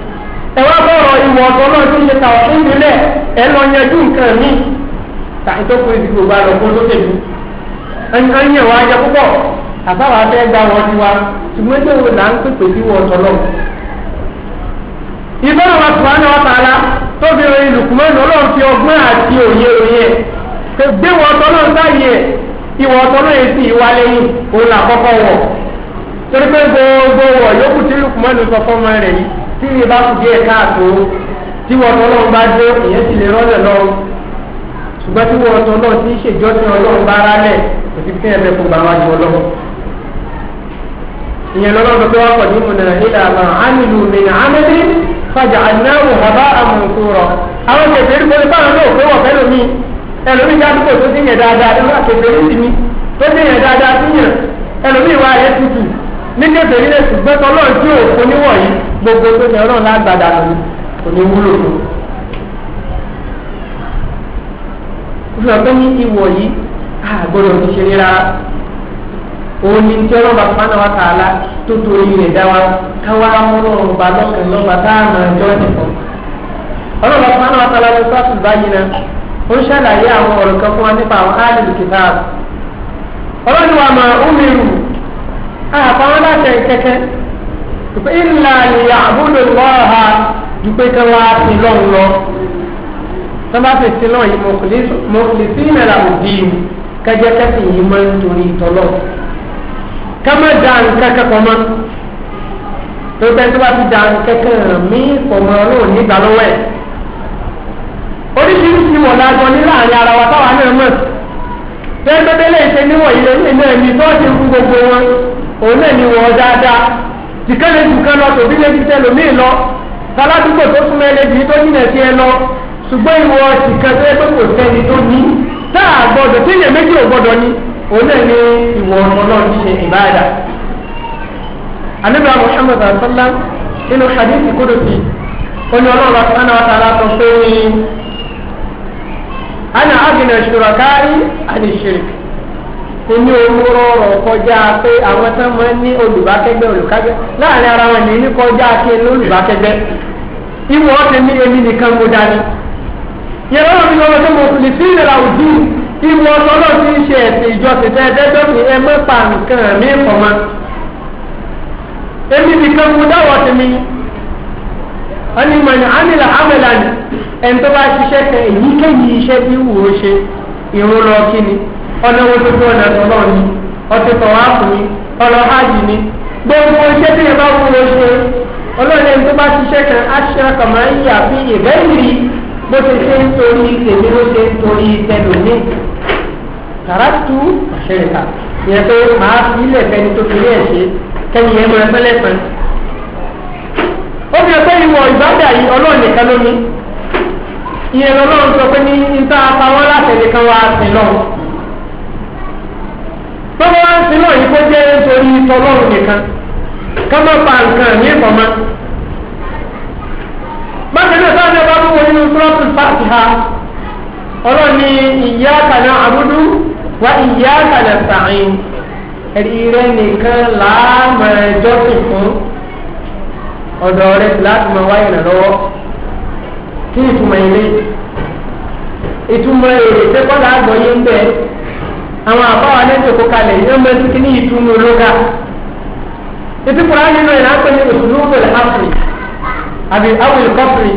ẹ wá bọ̀rọ̀ ìwọ̀ ọ̀tọ̀ náà ti ṣe tàwọn fún ìbílẹ̀ ẹ lọ yanjú nǹkan mi tàbí tó kún ìdìbò bá lọ kó lókè mi ẹnìkan yẹn wá yẹ púpọ̀ àbáwá fẹ́ gba wọn tiwa ṣùgbọ́n ẹgbẹ́ wo là ń pèpè sí wọ ọ̀tọ̀ náà. ìbọn wa tùwá náà tààlà tó fi rìn lùkùmọ́nù ọlọ́run fi ọgbọ́n àti òye òye gbé wọ ọ̀tọ̀ náà sáyẹ ìwọ̀ ọ̀tọ̀ náà yẹ torí pé gbogbo wọ̀ yókù tí lukumanu sọ fọ́mọ rẹ̀ yìí tí ìyẹn bá kú díẹ̀ káàtó tí wọ́n tọ́ lọ́n bá dé ìyẹn ti lè rọ́lẹ̀ lọ ṣùgbọ́n tí wọ́n tọ́ lọ́n ti ń ṣèjọ́sìn ọlọ́run bá rálẹ̀ kò sí fún ẹ̀mẹ́ kó gbàmọ́ àjọ ọlọ́run ìyẹn lọ́nà tó wá pọ̀ nínú nà ilà mà ánìlú mi nà ámẹ́lí fàjà ànáwó bàbá àmùkúrọ̀ àwọn kẹfẹ́rí pẹ̀lú báwọn náà kó wọ̀ fẹ́lẹ̀ mi ẹlòmíì dádúgbò tó ti yẹn dáadáa ló wà kẹfẹ́rí sí tó ti yẹn dáadáa sí yẹn ẹlòmíì wá ayé tutù ní kébèrè lè ṣùgbọ́n tọ́lọ́run tí òfin níwọ̀nyí gbogbo tó ní ọlọ́run lágbàdà lòun kò ní wúlò lò. ìfẹ́ pé ní ìwọ̀ yìí àgbọ̀dọ̀ ti ṣe nira òun ni tí ọlọ́ba fana wa tààlà tó torí rẹ̀ dá wa káwá ọlọ́run ba lọ́kàn lọ́ba táàmù ẹjọ́ nìkan. ọlọ́ba fana wa tààlà ló sọ́ọ̀tù báyìí náà ó ń ṣàlàyé àwọn ọ̀rọ̀ kan fún wa nípa àwọn áàlì kìtààbù. ọlọ́run wa máa ń mìíràn àfàwọn aláṣẹ kẹkẹ ìlà ìyà àbúlò lọ́ha dùpẹ́ kan wá sí lọ́n lọ sábà fi sí lọ́n yìí mọ̀kùlìsí ìmẹ̀lá òdì kájẹ kẹsì yìí máa ń torí tọ́lọ̀ kámá da nǹkan kẹ́kọ̀ọ́ mọ́ tó tẹ́ tó bá ti da nǹkan kẹ́kọ̀ọ́ mí pọ̀mọ́ náà nígbà lọ́wọ́ oríṣiríṣi wọ̀ lájọ ní láàrin ara wa táwa náà mọ̀ tẹ́gbẹ́dẹ́lẹ́ ìṣe níwọ̀nyí lẹ́yìn náà ní tọ́ọ̀tì fún gbogbo wọn òun náà ni wọ́n dáadáa tìkẹ́lẹ́ tìkan lọ tòbí lè ti tẹ́lẹ̀ mí lọ tàládùúgbò tó súnmọ́ ẹlẹ́dì tó jìnà sí ẹ lọ ṣùgbọ́n ìwọ tìkan tó yẹ pé kò sẹ́ni tó ní tá a gbọ́dọ̀ tí èèyàn méjì ò gbọ́dọ̀ ní òun náà ni ìwọ ọmọ náà ń ṣe ìbáàdà. anábìá muhammed asọ́lá nínú hadith kudusi oní ọlọ́run sánà àtàrà sọ pé ana agina ṣùrọ̀kárí àdìṣirikì. inú owó rọrùn kọjá pé àwọn tán máa ń ní olùbákẹ́gbẹ́ olùkágbẹ́ láàrin ara wọn ní kọjá pé olùbákẹ́gbẹ́ ìwọ ọ̀tẹ̀ ní èmi nìkan mo dání yẹ̀rọ mi lọ́wọ́ tó mo fi sí ìlera òdì ìwọ ń ṣe ìjọsìn ẹ nǹkan mi èmi nìkan mo mi ẹni ni ẹni tó bá èyíkéyìí ọ̀nà wo tuntun ọ̀nà tọ̀lọ́ ni ọtí tọ̀wá fún mi ọlọ́ hajj ni gbogbo iṣẹ́ tí yẹn bá wù ló ṣe ọlọ́ọ̀ni tó bá ṣiṣẹ́ kan aṣọ kàmá ń yà fi ìbẹ́ ìrì bó ti ṣe ń torí tèmi ló ṣe ń torí tẹlómi kàràtú àṣẹrìkà ìyẹn pé màá fi ilẹ̀ fẹ́ni tó fi ilé ẹ̀ ṣe kẹ́yìn yẹn máa pẹ́lẹ́ pẹ́ ó fi ẹgbẹ́ ìwọ̀ ìbádà yìí ọlọ́ọ̀ni kan lómi ìyẹn lọ́lọ́run sọ pé ní níta apá wọn láti ẹ̀dẹ̀ tọ́wọ́ wá ń sin náà yìí kó jẹ́ nítorí tọlọ́run nìkan ká má pa nǹkan ní ìfọ̀mọ́. bákan náà sáà ní ọba tó wọ nínú sọ́ọ̀tù pàṣẹ ha ọlọ́ni ìyá kàná àbúdú wá ìyá kàná sàáyìn ẹ̀rírẹ́ nìkan láàmà ẹjọ́sìn fún ọ̀dọ̀ rẹ̀ láti máa wáyé rẹ̀ lọ́wọ́ kí ìtumọ̀ ilé ìtumọ̀ èrè tẹ́kọ̀ọ́ làgbọ̀yé ń bẹ́ẹ̀ àwọn àbáwá ní ìjòkó kalẹ̀ yóò mọ ẹtí kíní yìí túnú lóga ètí kura nínú ẹ̀ láńpẹ́ ní òṣùlùmọ̀lẹ̀ áfìrì àbí áwìlì kọ́fìrì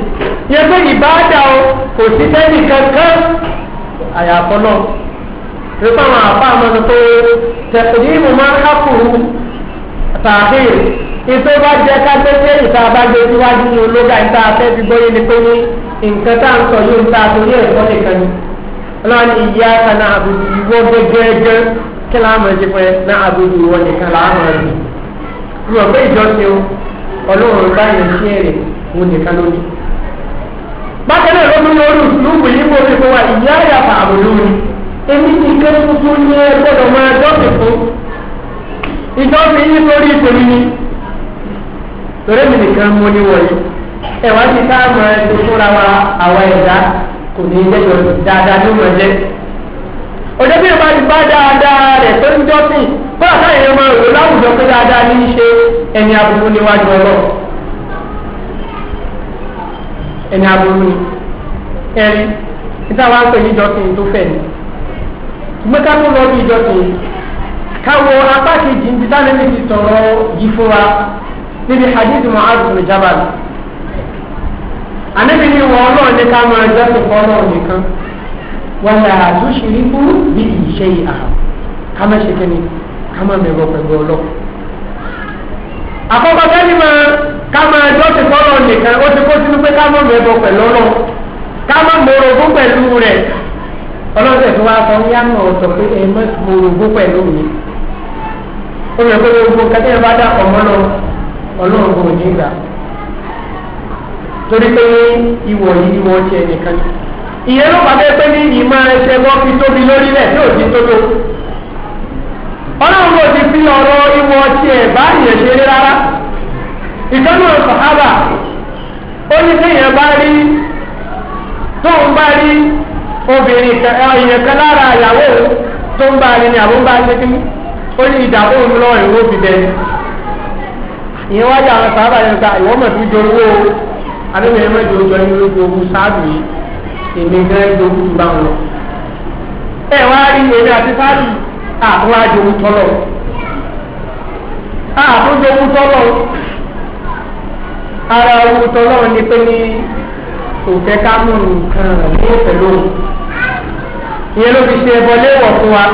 yẹn pé ìbáàdà o kò sí tẹ́lì kankan àyàfọ́ náà nípa àwọn àbá àmọ́ni pé tẹ̀sídì ìmọ̀ máa ń hákùrù tààhìrì ìfẹ́ bá jẹ́ ká tẹ́tẹ́ ìta bá gbé síwájú ní ológa ìta afẹ́ fi gbóyè ní pé ní nǹkan tá à ń sọ yóò ń ta àtòyè ẹ̀kọ́ nìkan ni ọlọ́run ní ìyá ká náà àbùdù ìwọ gẹ́gẹ́gẹ́ kí láàmú ẹjẹ pé náà àbùdù ìwọ nìkan láàmú ẹjẹ rò pé ìjọsìn ọlọ́run báyìí ṣe èrè òun nìkan lónìí bákan náà lọ́dún lórí lóògùn yìí kò fi fún wa ìyá àyàfà àbòlú ni èmi ti ké tuntun ní ẹgbọ́dọ̀ máa dọ́sìn fún ìjọsìn yìí lórí ìpèmí ni lórí nìkan mo kò ní jẹ́ jọ dáadáa ní ìmọ̀ jẹ́. ọjọ́ bí ìbá ti bá dáadáa rẹ̀ tó ń jọ́sìn bá àtàyè máa rò láwùjọ pé dáadáa ní í ṣe ẹni aburú níwájú ọlọ́ ẹni aburú ni ẹni níta wá ń pè ní ìjọsìn tó fẹ̀ ni. ṣùgbọ́n ká lọ bí ìjọsìn káwọ apá kejì ń bi sáré níbi sọ̀rọ̀ yìí fún wa níbi hadith mu'adh jabal ànábi ni wọn ọlọ́run ní ká máa jọ́sìn fọlọ́run nìkan wọn là àtúnṣe ikú bí ìṣe ìhà ká má ṣe kẹ́ni ká má mẹ́rọ pẹ̀lú ọlọ́run. àkọ́kọ́ sẹ́ni máa ká máa jọ́sìn fọlọ́run nìkan ó ti kó sínú pé ká má mẹ́rọ pẹ̀lú ọlọ́run ká má mọ̀rọ̀ ogún pẹ̀lú rẹ̀ ọlọ́sẹ̀ tó wá sọ yá náà sọ pé ẹ má mọ̀rọ̀ ogún pẹ̀lú mi ó yẹ kó gbogbo kẹ́tẹ́ bá dà ọmọ lọ ọlọ́run kò ní gbà. torí pé ìwọ̀ yìí wọ́n ti ihe ìyẹn ló pàdé pé ní ìmọ̀ ẹsẹ̀ wọ́n fi tóbi lórílẹ̀ tí ò ti tóbi ọlọ́run ló ti fi ọ̀rọ̀ ìwọ̀ ti ẹ̀ bá ìyẹn ṣeré rárá ìkànnì sàhábà ó ní kéèyàn bá rí tóun bá rí obìnrin ìyẹn kan lára tó ń bá rí ni àbó ń bá ṣe kí àdéhùn ẹ̀ mẹ́jọ jọ ní lójú ogun sáàdù yìí èmi gan ẹjọ ogun tó bá wọn. ẹ wá rí èmi àti sáàdù àwọn àjòwò tọ́lọ̀ àtúndé ogun tọ́lọ̀ ara ogun tọ́lọ̀ ni pé ní òkè ká mú nǹkan ní pẹ̀lú ìyẹn ló fi ṣe ẹbọ léwọ̀ fún wa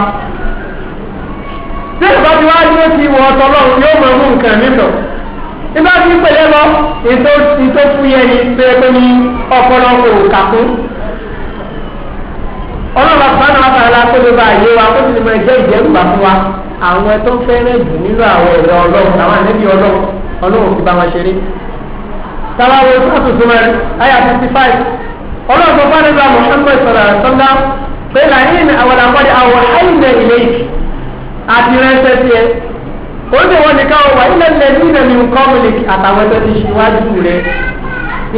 tí ìbá ti wá ti wọ ọtọ lọ́run yóò mọ̀ mú nǹkan nítọ̀ nígbà tí pèlè lọ ètò ètò fúyẹ ni pèlè pé ní ọ̀pọ̀lọpọ̀ òkàkún ọlọ́ba fúnà àtàlà tó lè ba àyè wa kó tilẹ̀ máa jẹ́ ìjẹ́rùbà fún wa àwọn ẹ̀tọ́ fẹ́rẹ̀ jù nínú àwọn ẹ̀rọ ọlọ́run àwọn àlẹ́bí ọlọ́run ọlọ́run ti bá wọn ṣeré. sábàbọ̀ sọ́tùtù rẹ̀ àyà fifty five ọlọ́run tó fọ́nà bá muhammed sọ̀rọ̀ sọ́dá pé làyín àwọn àkọ́dé àwọn àyìnbẹ̀ ilé àti rẹ́ńsẹ̀ tiẹ̀ oúnjẹ wọn nìkan wà ilẹ̀ lẹ́nu ilẹ̀ mi nǹkan mi lè àtàwọn ẹ̀tọ́ ti ṣíwájú rẹ̀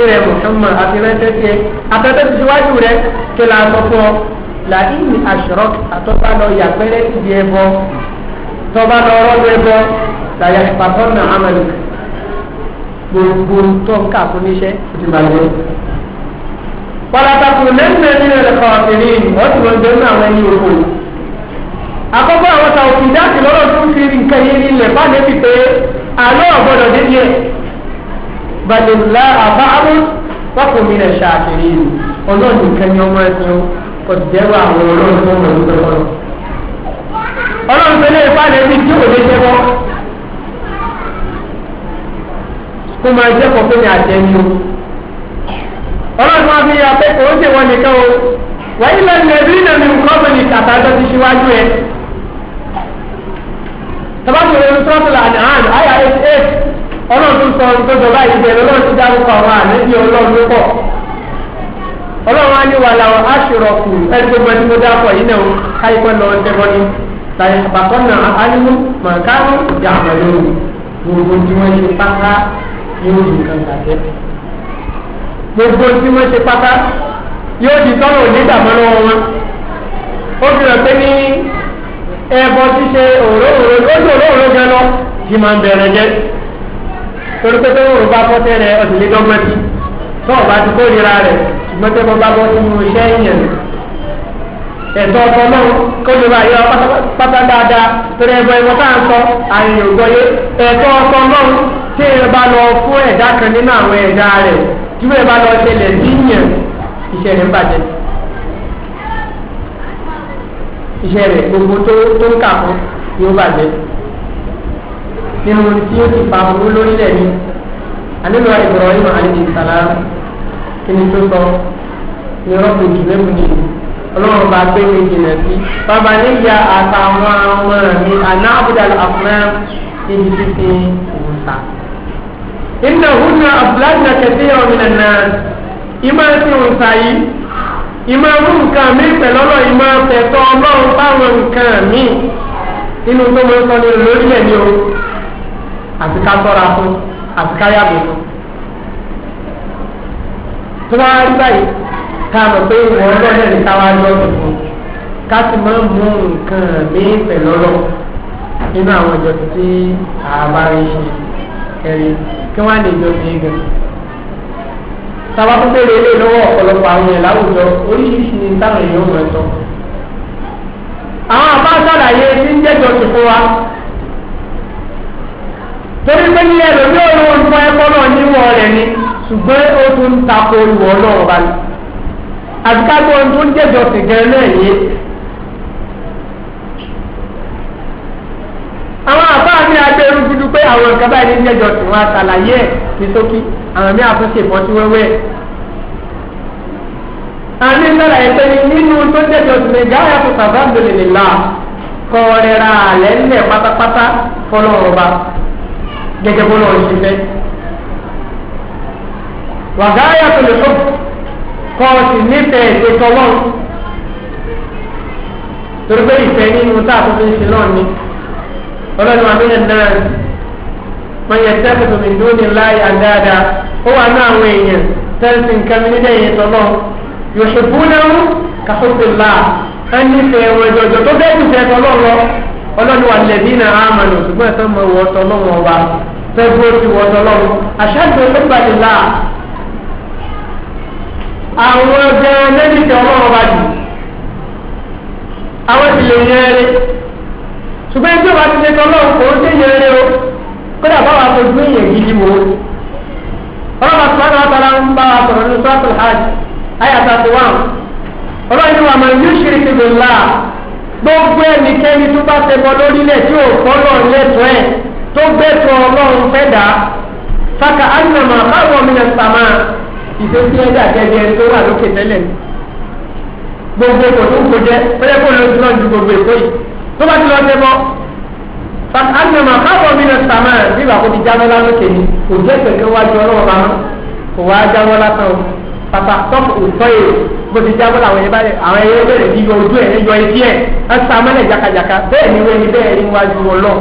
ìrẹ̀ Muhammad àfirẹ́tẹ́ tiẹ̀ àtẹ̀tẹ́ ti ṣíwájú rẹ̀ kí la sọ fún ọ làdí ní àṣọrọ àtọ́ba lọ yàgbẹ́rẹ́ ìdí ẹbọ tọ́ba lọ rọ́dọ̀ ẹbọ làyà ìpàtọ́ nà amadu gbogbo tó ń kà fún iṣẹ́ ti bàjẹ́. pàlàtàkùn lẹ́nu ẹ̀mí rẹ̀ kọ̀ọ̀kìnrin àkọ́kọ́ àwọn sàwùkì dáàtì lọ́rọ̀ tó ń fi nǹkan yé ní ilẹ̀ bá débi pé àlọ́ ọ̀gbọ́dọ̀ débi ẹ̀ balẹ̀lá àbáàmú wákòmí rẹ̀ ṣàkiri ọlọ́run nìkan ni ọmọ ẹ̀sìn o kò dẹ́rù àwọn ọlọ́run tó wọ̀ ní ọlọ́run. ọlọ́run tó lé ipá lè fi tí kò lè jẹ́ kó máa jẹ́ kọ̀ọ̀kan ní àtẹ̀yìn o ọlọ́run máa fi apẹ́kọ̀ọ́ ṣèwọ́n nìkan o wáyé lẹ́nu ẹ̀ tabatu rẹ nítorí àtúlà àná àná àyà eight eight ọlọ́run tó ń sọ ìtọ́jọ báyìí bẹ̀rẹ̀ ọlọ́run ti dárúkọ àwọn ànábì ọlọ́run ló pọ̀ ọlọ́run á ní wà láwọn aṣèrọ̀kù ẹni gbogbo ẹni tó dápọ̀ yìí náà káyipẹ́ lọ dẹ́gbọ́n ní tàyè àbàkọ́nà alimu màkánù ìjà àmàlẹ́ òru gbogbo tí wọ́n ṣe pátá yóò di nǹkan gbàgbẹ́ gbogbo tí wọ́n ṣe pátá yóò di tọ́lọ̀ onígbàmọ́ lọ́wọ́ wọn ó fi hàn pé ní ẹ̀bọ ṣíṣe òróòró lójú òróòró gan lọ kí máa ń bẹ̀rẹ̀ jẹ́ torí pé tó òrò bá bọ́ tẹ́lẹ̀ ọ̀sìn lé dọ́gbẹ́tì tó ọ̀bá ti kó ìlera rẹ̀ ṣùgbọ́n tó bọ́ bá bọ́ sínú iṣẹ́ ìyẹn ẹ̀tọ́ ọkọ náà kó lè máa yọ pátá dáadáa torí ẹ̀bọ ẹ̀bọ tá à ń sọ àyè ògbọ́yé ẹ̀tọ́ ọkọ náà tí ẹ bá lọ fún ẹ̀dá kan nínú àwọn ẹ̀dá rẹ̀ tí wọ́n bá lọ ṣẹlẹ̀ sí ìyẹn ìṣẹ̀lẹ̀ ń bàjẹ́ iṣẹ́ rẹ̀ gbogbo tó tó ń kà fún ni ó bàjẹ́ nínú tí ó ti fa owó lórílẹ̀ ni ànílò Ibrahim alayhi salam kí ni tó sọ ni rọ́pò ìdílébù ni ọlọ́run bá gbé mi jìnà sí bàbá níyà àtàwọn ọmọ mi àná àbúdà àfúnà níbi títí òwúta. ìnáwó náà abúlé àti àkẹ́tẹ́ ọ̀mìnà náà ìmọ̀ ẹ̀sìn òwúta yìí ìmọ̀ mú nǹkan mi pẹ̀lọ́lọ́ ìmọ̀ tẹ̀tọ́ ọlọ́run báwọn nǹkan mi nínú tó máa ń sọ ní lórílẹ̀ ní o àti ká tọ́ra fún àti ká yàgò fún. tó bá rí báyìí ká mọ̀ pé ìwọ ọlọ́run ní ká wá yọ ọ̀dùn fún ká sì máa mú nǹkan mi pẹ̀lọ́lọ́ nínú àwọn ìjọ tí a ẹ̀rí kí wọ́n á lè jọ sí gan sábà tó béèrè ilé lọ́wọ́ ọ̀pọ̀lọpọ̀ àwọn èèyàn láwùjọ oríṣiríṣi ní táwọn èèyàn mọ̀ ẹ̀tọ́. àwọn àbá sàlàyé tí ń jẹ́jọ́ ti fún wa. torí pé ní ẹlòmí òun ń fọ náà níwọ̀ rẹ̀ ni ṣùgbọ́n ó tún ń tako ìwọ̀ náà bá ní. àbíkájọ ohun tó ń jẹ́jọ́ sì gẹ̀rẹ́ náà yé. àwọn àbá mi àgbẹ̀rù gudu pé àwọn ìkàbá ẹni jẹ́jọ́ sì wọn àtàlàyé ẹ̀ ní sókí àwọn míì àtúnṣe ìfọ́sí wẹ́wẹ́. àmì sára ẹ̀sẹ̀ ni nínú tó jẹ́jọ́ sí ní gáyà tó tàbá gbèlè nìlá kọ́ọ̀rẹ́ra àlẹ́ ńlẹ̀ pátápátá fọlọ́ọ̀ba gẹ́gẹ́ bó lọ́ọ́ ṣe fẹ́. wàgáyà tó lè fún kọ́ọ̀sì nífẹ̀ẹ́ ìṣètò ọlọ́run torí pé ìfẹ́ nínú tá a tó fi ń ṣe náà ni ọlọ́run àbẹ́yẹn fọyẹ̀tẹ́kùtù mi dúni láyà dáadáa ó wà náà àwọn èèyàn tẹ́sí nǹkan mi nílẹ̀ yẹn tọ́lọ́ yòṣùpù náà kàkóso là á nífẹ̀ẹ́ wọn jọjọ tó bẹ́ẹ̀ kù fẹ́ tọ́lọ́ lọ ọlọ́ni wà lẹ́bí náà á mọ̀ ní ṣùgbọ́n ẹ̀sán mọ̀ wọ́ tọ́lọ́ wọn wa fẹ́ẹ́ ti wọ́ tọ́lọ́ àṣàjọ ló gbàdé là àwọn ọjọ́ lẹ́bí tẹ ọlọ́run wa jù àwọn ti yẹn rí ṣùgbọ́n ẹgbẹ́ wa ti lè tọ́lọ́ kódà báwa fojú èèyàn gidi wo ọlọ́wà sọ́nà àtàrà ń bá wa sọ̀rọ̀ ní sọ́ọ̀tù hajj ayàtà tó wà ọlọ́wà ni wà máa yóò ṣeré ti gbogbo ẹnikẹ́ni tó bá ṣe bọ lórílẹ̀ tí ò fọ́lọ́ lẹ́tọ́ ẹ̀ tó gbẹ́tọ̀ ọlọ́run fẹ́ dà fàkà ánàmà báwọn tó wà lókè tẹ́lẹ̀ gbogbo ń kojẹ́ anamọ kábọ̀ mi lọ sàmà nígbà kó ti jábọ́ lálókè ni kò jẹ́ kẹ̀kẹ́ wájú ọlọ́wọ́ bá kò wá jábọ́ lásán o pàtà tọ́pù òtọ́ yìí bó ti jábọ́ làwọn ẹ̀yẹ báyìí àwọn ẹ̀yẹ bẹ̀rẹ̀ bí yọ ojú ẹ̀ yọ etí ẹ̀ ẹ̀ sàmẹ́lẹ̀ jakajaka bẹ́ẹ̀ ni wẹ́ni bẹ́ẹ̀ ni wájú ọlọ́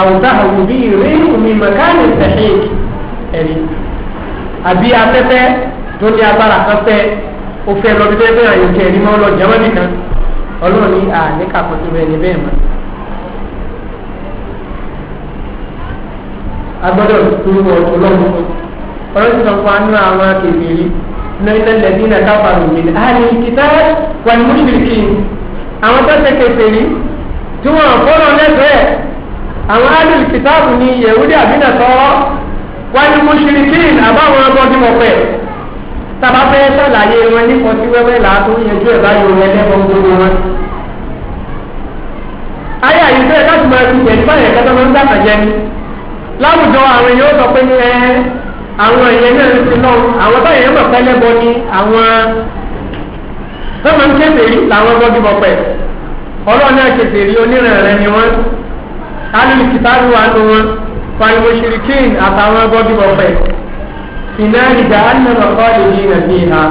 àwùjọ àwọn òbí rírù mi mẹkáàní tẹ̀sík ẹ̀rí àbí afẹ́fẹ́ tó ní agbọ́dọ̀ tuntun ọlọ́run ọlọ́run sọ fún anú àwọn kèfèrí lẹ́yìn lẹ́yìn náà káfàrọ̀ mi àlè kìtà wà ní mùsùlùmí àwọn tẹ́sẹ̀ kèfèrí tí wọ́n fọ́nà lẹ́fẹ̀ẹ́ àwọn àlè kìtà ní yẹ̀wúdí àbínà tọ́rọ́ wà ní mùsùlùmí àbáwọn ọgbọ́dún ọ̀pẹ́ tàbá fẹ́ sàlàyé wọn nípa tí wẹ́wẹ́ làákú yẹjú ẹ̀ báyìí wọn ẹlẹ́fọn gbogbo wọn. ayé àyè láwùjọ àwọn èèyàn sọ pé ní ẹ àwọn èèyàn náà ń sin náà àwọn táwọn èèyàn mọ̀ pẹ́lẹ́bọ ni àwọn wọ́n máa ń kéde rí làwọn bọ́dí bọ̀pẹ̀ ọlọ́run náà kéde rí onírànrẹ́ ni wọ́n alùpùpù kìtàlù wà nù wọn pariwo ṣìrìkìn àtàwọn bọ́dí bọ̀pẹ̀ iná ìjà ànàmọ̀ kọ́ọ̀lì yìí nà bí ha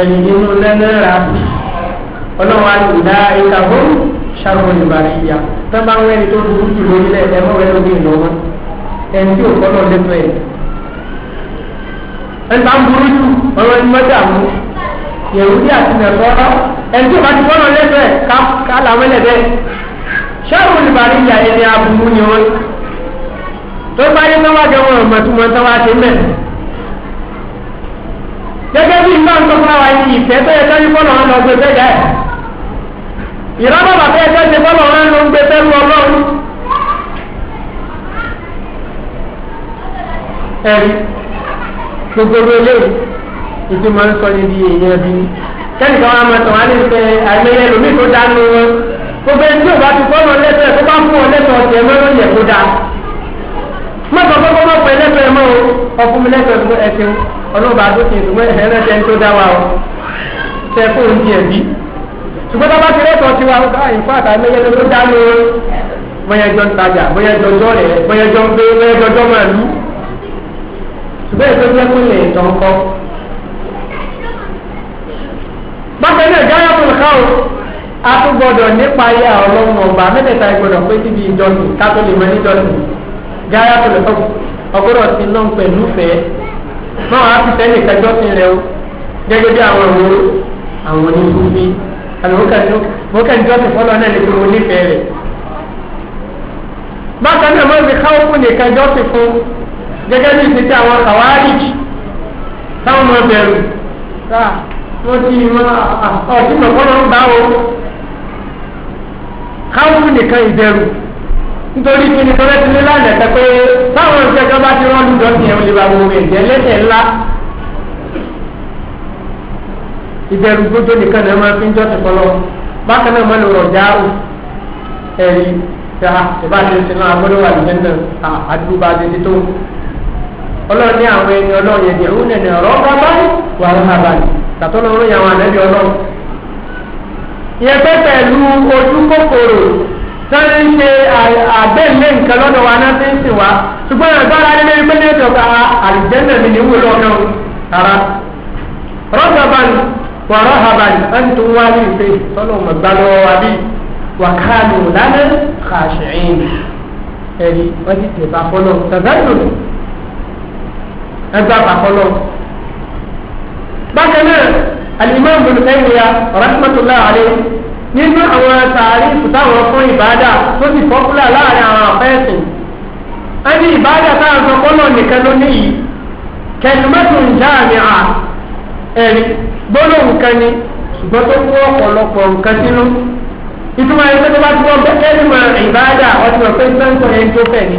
ẹ̀yìn inú lẹ́nẹ́ra ọlọ́run àlùdá ìtàgó ṣàròyìn bàríyà tó bá ń wẹ́ni tó dúdú jù lórílẹ̀ ẹ̀mọ́wẹ́ ẹni tí òkọ́ lọ lẹ́nu ẹ̀. ẹni bá ń burú jù ọ̀rọ̀ ẹni mọ́tò àwọn yẹ̀wùdí àti nàìjọ́rọ́ ẹni tí òkọ́ ti bọ́ lọ lẹ́nu ẹ̀ ká làwọn ẹlẹ́dẹ́. sẹ́wọ̀n olùbàdí ìyá ẹni aburú ni wọ́n. tó bá yẹ náwó àjọwọ́ ọ̀mọ̀túnmọ̀ táwa ti mẹ́. gẹ́gẹ́ bí iná ń tọ́ fún àwa yìí ìfẹ́ tó yẹ kẹ́lí bọ́ọ̀lù wọn lọ gbé bẹ́ẹ̀ dẹ́. ìrọ́bọ̀ bàbá ẹ̀ ẹ̀rí gbogbo eléyìí ìdí máa ń sọ ní ibi èèyàn bí kẹ́nìkan wa máa tàn wá nípa àìmọye ẹlòmíì tó dá nù wọn gbogbo ẹni tí ò bá ti kọ́ lọ lẹ́sẹ̀ tó bá fún ọ lẹ́sẹ̀ ọ̀tẹ̀ mẹ́rin yẹ kó dáa mọ́tò kọ́kọ́ mọ́ pẹ̀ lẹ́sẹ̀ mọ́ o ọkùn mi lẹ́sẹ̀ fún ẹsẹ̀ ọlọ́ba àdókè ìdùnnú ẹ̀rẹ́ tẹ́ ń tó dá wa o tẹ fún oúnjẹ ẹ̀bí ṣùgbọ́n bàbá ti lẹ́sọ̀ tiwa ìfọ́ àtàlẹ́yẹ ló dá lóore bóyá jọ ń tajà bóyá jọ jọ rẹ̀ bóyá jọ ń gbé bóyá jọ jọ máa lú bẹ́ẹ̀ tó jẹ́ pé lè tán kọ́. bákan náà gáyà tó ká o a tún gbọdọ̀ nípa ayé ọlọ́run ọba mẹ́tẹ̀ẹ̀ta gbọdọ̀ pé síbi ìjọsìn ká tó lè mọ níjọsìn gáyà tó lè tọ́ ọgbọ́dọ̀ sí náà pẹ̀lú fẹ́ẹ́ náà wàá fi sẹ́yìn ìkẹjọ́sìn rẹ o gẹ́gẹ́ bí àwọn ìwòrò àwọn onífúnfí àbí mo kàn jọ́sìn fọ́lọ́ náà ní pé mo nífẹ̀ẹ́ rẹ̀ bákan náà mo gẹ́gẹ́ bí ìsìnkú àwọn kàwáàdìjì táwọn ọmọ bẹ̀rù ká wọ́n ti mọ ọtí mọ̀kọ́nà ń bá o káwọn nìkan ìbẹ̀rù nítorí kí ni tọ́lẹ́ ti ní lánàá tẹ pé táwọn kan bá ti rán gbogbo ẹ̀jẹ̀ lẹ́sẹ̀ ńlá ìbẹ̀rù nìkan máa fi ń jọ́sìn fọlọ́ bákan náà ẹ̀rí ta náà àdúgbò bá ti di tó ọlọ́run ní àwọn ẹni ọlọ́run yẹn dẹ̀rú nẹ̀nẹ̀ ọ̀rọ̀ bá báyìí wà ó bàbá ni tàtọ́ lọ́run yẹn àwọn ànábì ọlọ́run. ìyẹn pé pẹ̀lú ojú kòkòrò sáré ń ṣe àgbẹ̀lẹ̀ nǹkan lọ́dọ̀ wa náà ti ń sìn wá ṣùgbọ́n àgbára nílé pé ní ètò ọ̀gá ah, àlìjẹ́nà mi ní wúlò ọ̀nà rárá. rọ́gàbàn wà rọ́gàbàn ẹni tó ń wá ní ìfẹ́ sọ́nà ọ̀gbà lọ́wọ́ wa bí wàkàlù lánàá kàṣẹ́yìn ẹ̀rí wọ́n ti tẹ̀ bá fọ́nà tẹ̀sán lòdì ẹgbẹ́ àpapọ̀lọ́. bákan náà alimami bin taymiya rahmatullahi alayhi nínú àwọn sàárì ìfútáwọn fún ìbádà tó ti pọ́pùlà láàrin àwọn àfẹ́sìn a ní ìbádà táwọn sọ pọ́lọ̀ nìkan ló ní yìí kẹlùmẹ́tùn jáàmìà ẹ̀rí gbọ́dọ̀ nǹkan ni ṣùgbọ́n tó kó ọ̀pọ̀lọpọ̀ nǹkan sínú ìtumọ̀ ẹni tó bá ti wọ́n bẹ́ẹ̀ ní ìbádà ọtí ọ̀pẹ́ sẹ́ńtọ̀ ẹni tó fẹ̀ ni.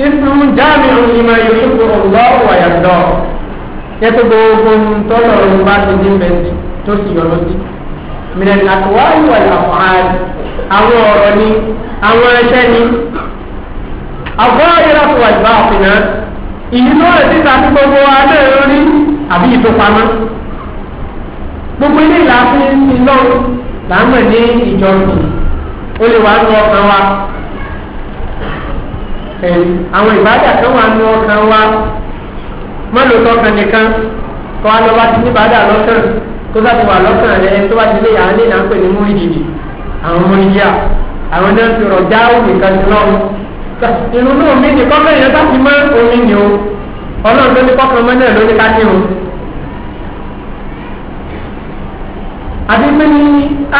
اسم جامع لما يحب الله ويرضاه yẹtọ gbogbo ntọlọ ọba ti di mbẹ tó sì yọrọ sí mìíràn àtọwá ìwà ọrụ àwọn ọ̀rọ̀ ni àwọn ẹ̀ṣẹ̀ ni gbogbo ilé ìlàfin ìlọrin là ń mọ̀ ní ìjọsìn lè wá ní ọkàn wa ẹ̀yìn àwọn ìbádà kan wà ní ọkàn wa mọ́lòtọ́ kan nìkan kọ́ wa lọ́ba ti ní ìbádà lọ́sàn tó bá ti wà lọ́sàn rẹ̀ tó bá ti lé yàrá lè náà pè ní múrídìdì àwọn múrídìà àwọn náà ti rọ̀ jáwó nìkan ti lọ́wọ́ ìlú náà mi ní kọ́kọ́ ìyẹn bá ti omi o ọlọ́run tó ní kọ́kọ́ mọ́ náà ló ká pé ní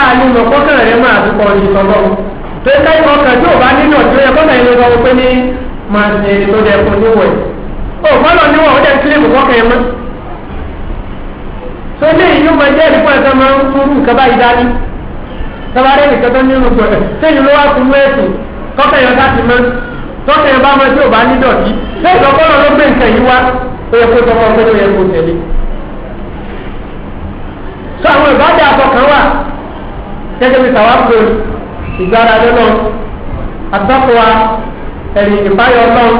àlè mọ̀ kọ́kọ́ tó ń tẹ́kọ̀ ọkàn tí ò bá nínú ọ̀tí ó yẹ kọ́nà ìlú lọ pé ní máa ṣe tó yẹ kó níwọ̀ ẹ̀ ó fọ́lọ̀ níwọ̀ ó dẹ̀ ń kílè bùkọ́ kẹ́ mọ́ tó lé ìlú máa jẹ́ ìdíkọ́ ẹ̀sán máa ń fún nǹkan báyìí dání tabarẹ́ nìkan tó nínú gbọ̀dọ̀ sẹ́yìn ló wá fún ẹ̀sùn tọ́kẹ̀yọ láti mọ́ tọ́kẹ̀yọ bá mọ́ tí ò bá ní dọ̀tí ìbáde àtọkàn wà gẹ́gẹ́ bí tàwa kúrò ìgbára lọ́nà àtọ́kùwa ẹ̀rìn ìbáyọ̀ ọlọ́run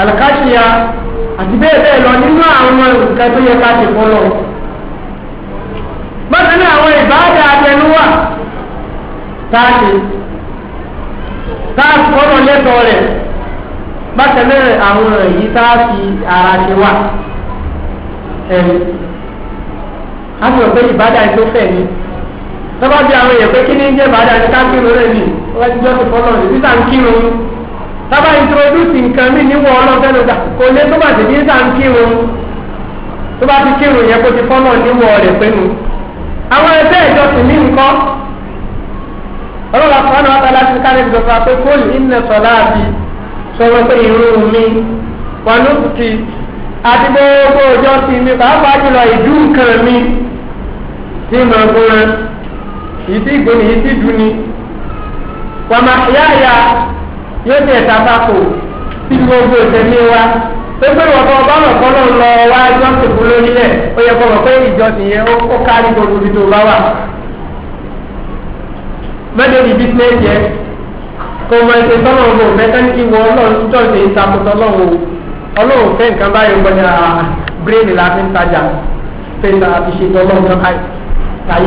àlàkàṣìyà àti bẹ́ẹ̀ bẹ́ẹ̀ lọ nínú àwọn nǹkan tó yẹ ká ti fọ́ lọ. bákan náà àwọn ìbáàdà àtẹnuwà táàṣì táàṣì kọ́nà lẹ́tọ̀ọ́ rẹ̀ ara lọ́ba bí àwọn èèyàn pé kí ní jẹ́ bàdà ní kákìrún rẹ̀ ni wọ́n ti jọ́ ti fọ́lọ́ ní títà ń kírun lọ́ba introduce nǹkan mí ní wọ́n ọlọ́fẹ́ ló dà kò lé tó bá ti ní títà ń kírun tó bá ti kírun yẹn kó ti fọ́lọ́ ní wọ́n rẹ̀ pinnu. àwọn ẹgbẹ́ ìjọ sì ní nǹkan ọlọ́ba fọ́nà wọn tala ti kárí ìjọba pé kóòlì ìnà sọ̀lá àti sọ̀rọ̀ pé irun mi wọn ló ti àti gbogbo ọjọ́ sí mi pàápàá jùlọ ìdú ìtì ìgbóni ìtì ìdúni wàmà yáàyà yóò tẹ̀ tabako tí gbogbo ìtẹ̀mí wa pépé wọ̀kọ̀ báwọn kọ́ ló ń lọ wá ẹjọ́ tòkó lórí rẹ̀ ó yẹ kọ́ pé ìjọsìn yẹn ó kárí gbogbo ibi tó bá wà. mẹ́tẹ̀ẹ̀dì bísíǹnẹ́sì yẹn kò mọ ẹsẹ̀ tọ́lọ̀ wò mẹ́tẹ́ńtì wọ ọlọ́run tó ṣe ìtakùtọ̀ lọ́wọ́ ọlọ́run fẹ́ nǹkan báyìí gbọ́dọ̀ ah, bírèèdì la fi ń tajà fẹ́ẹ́ ta àfiṣe tọ́lọ́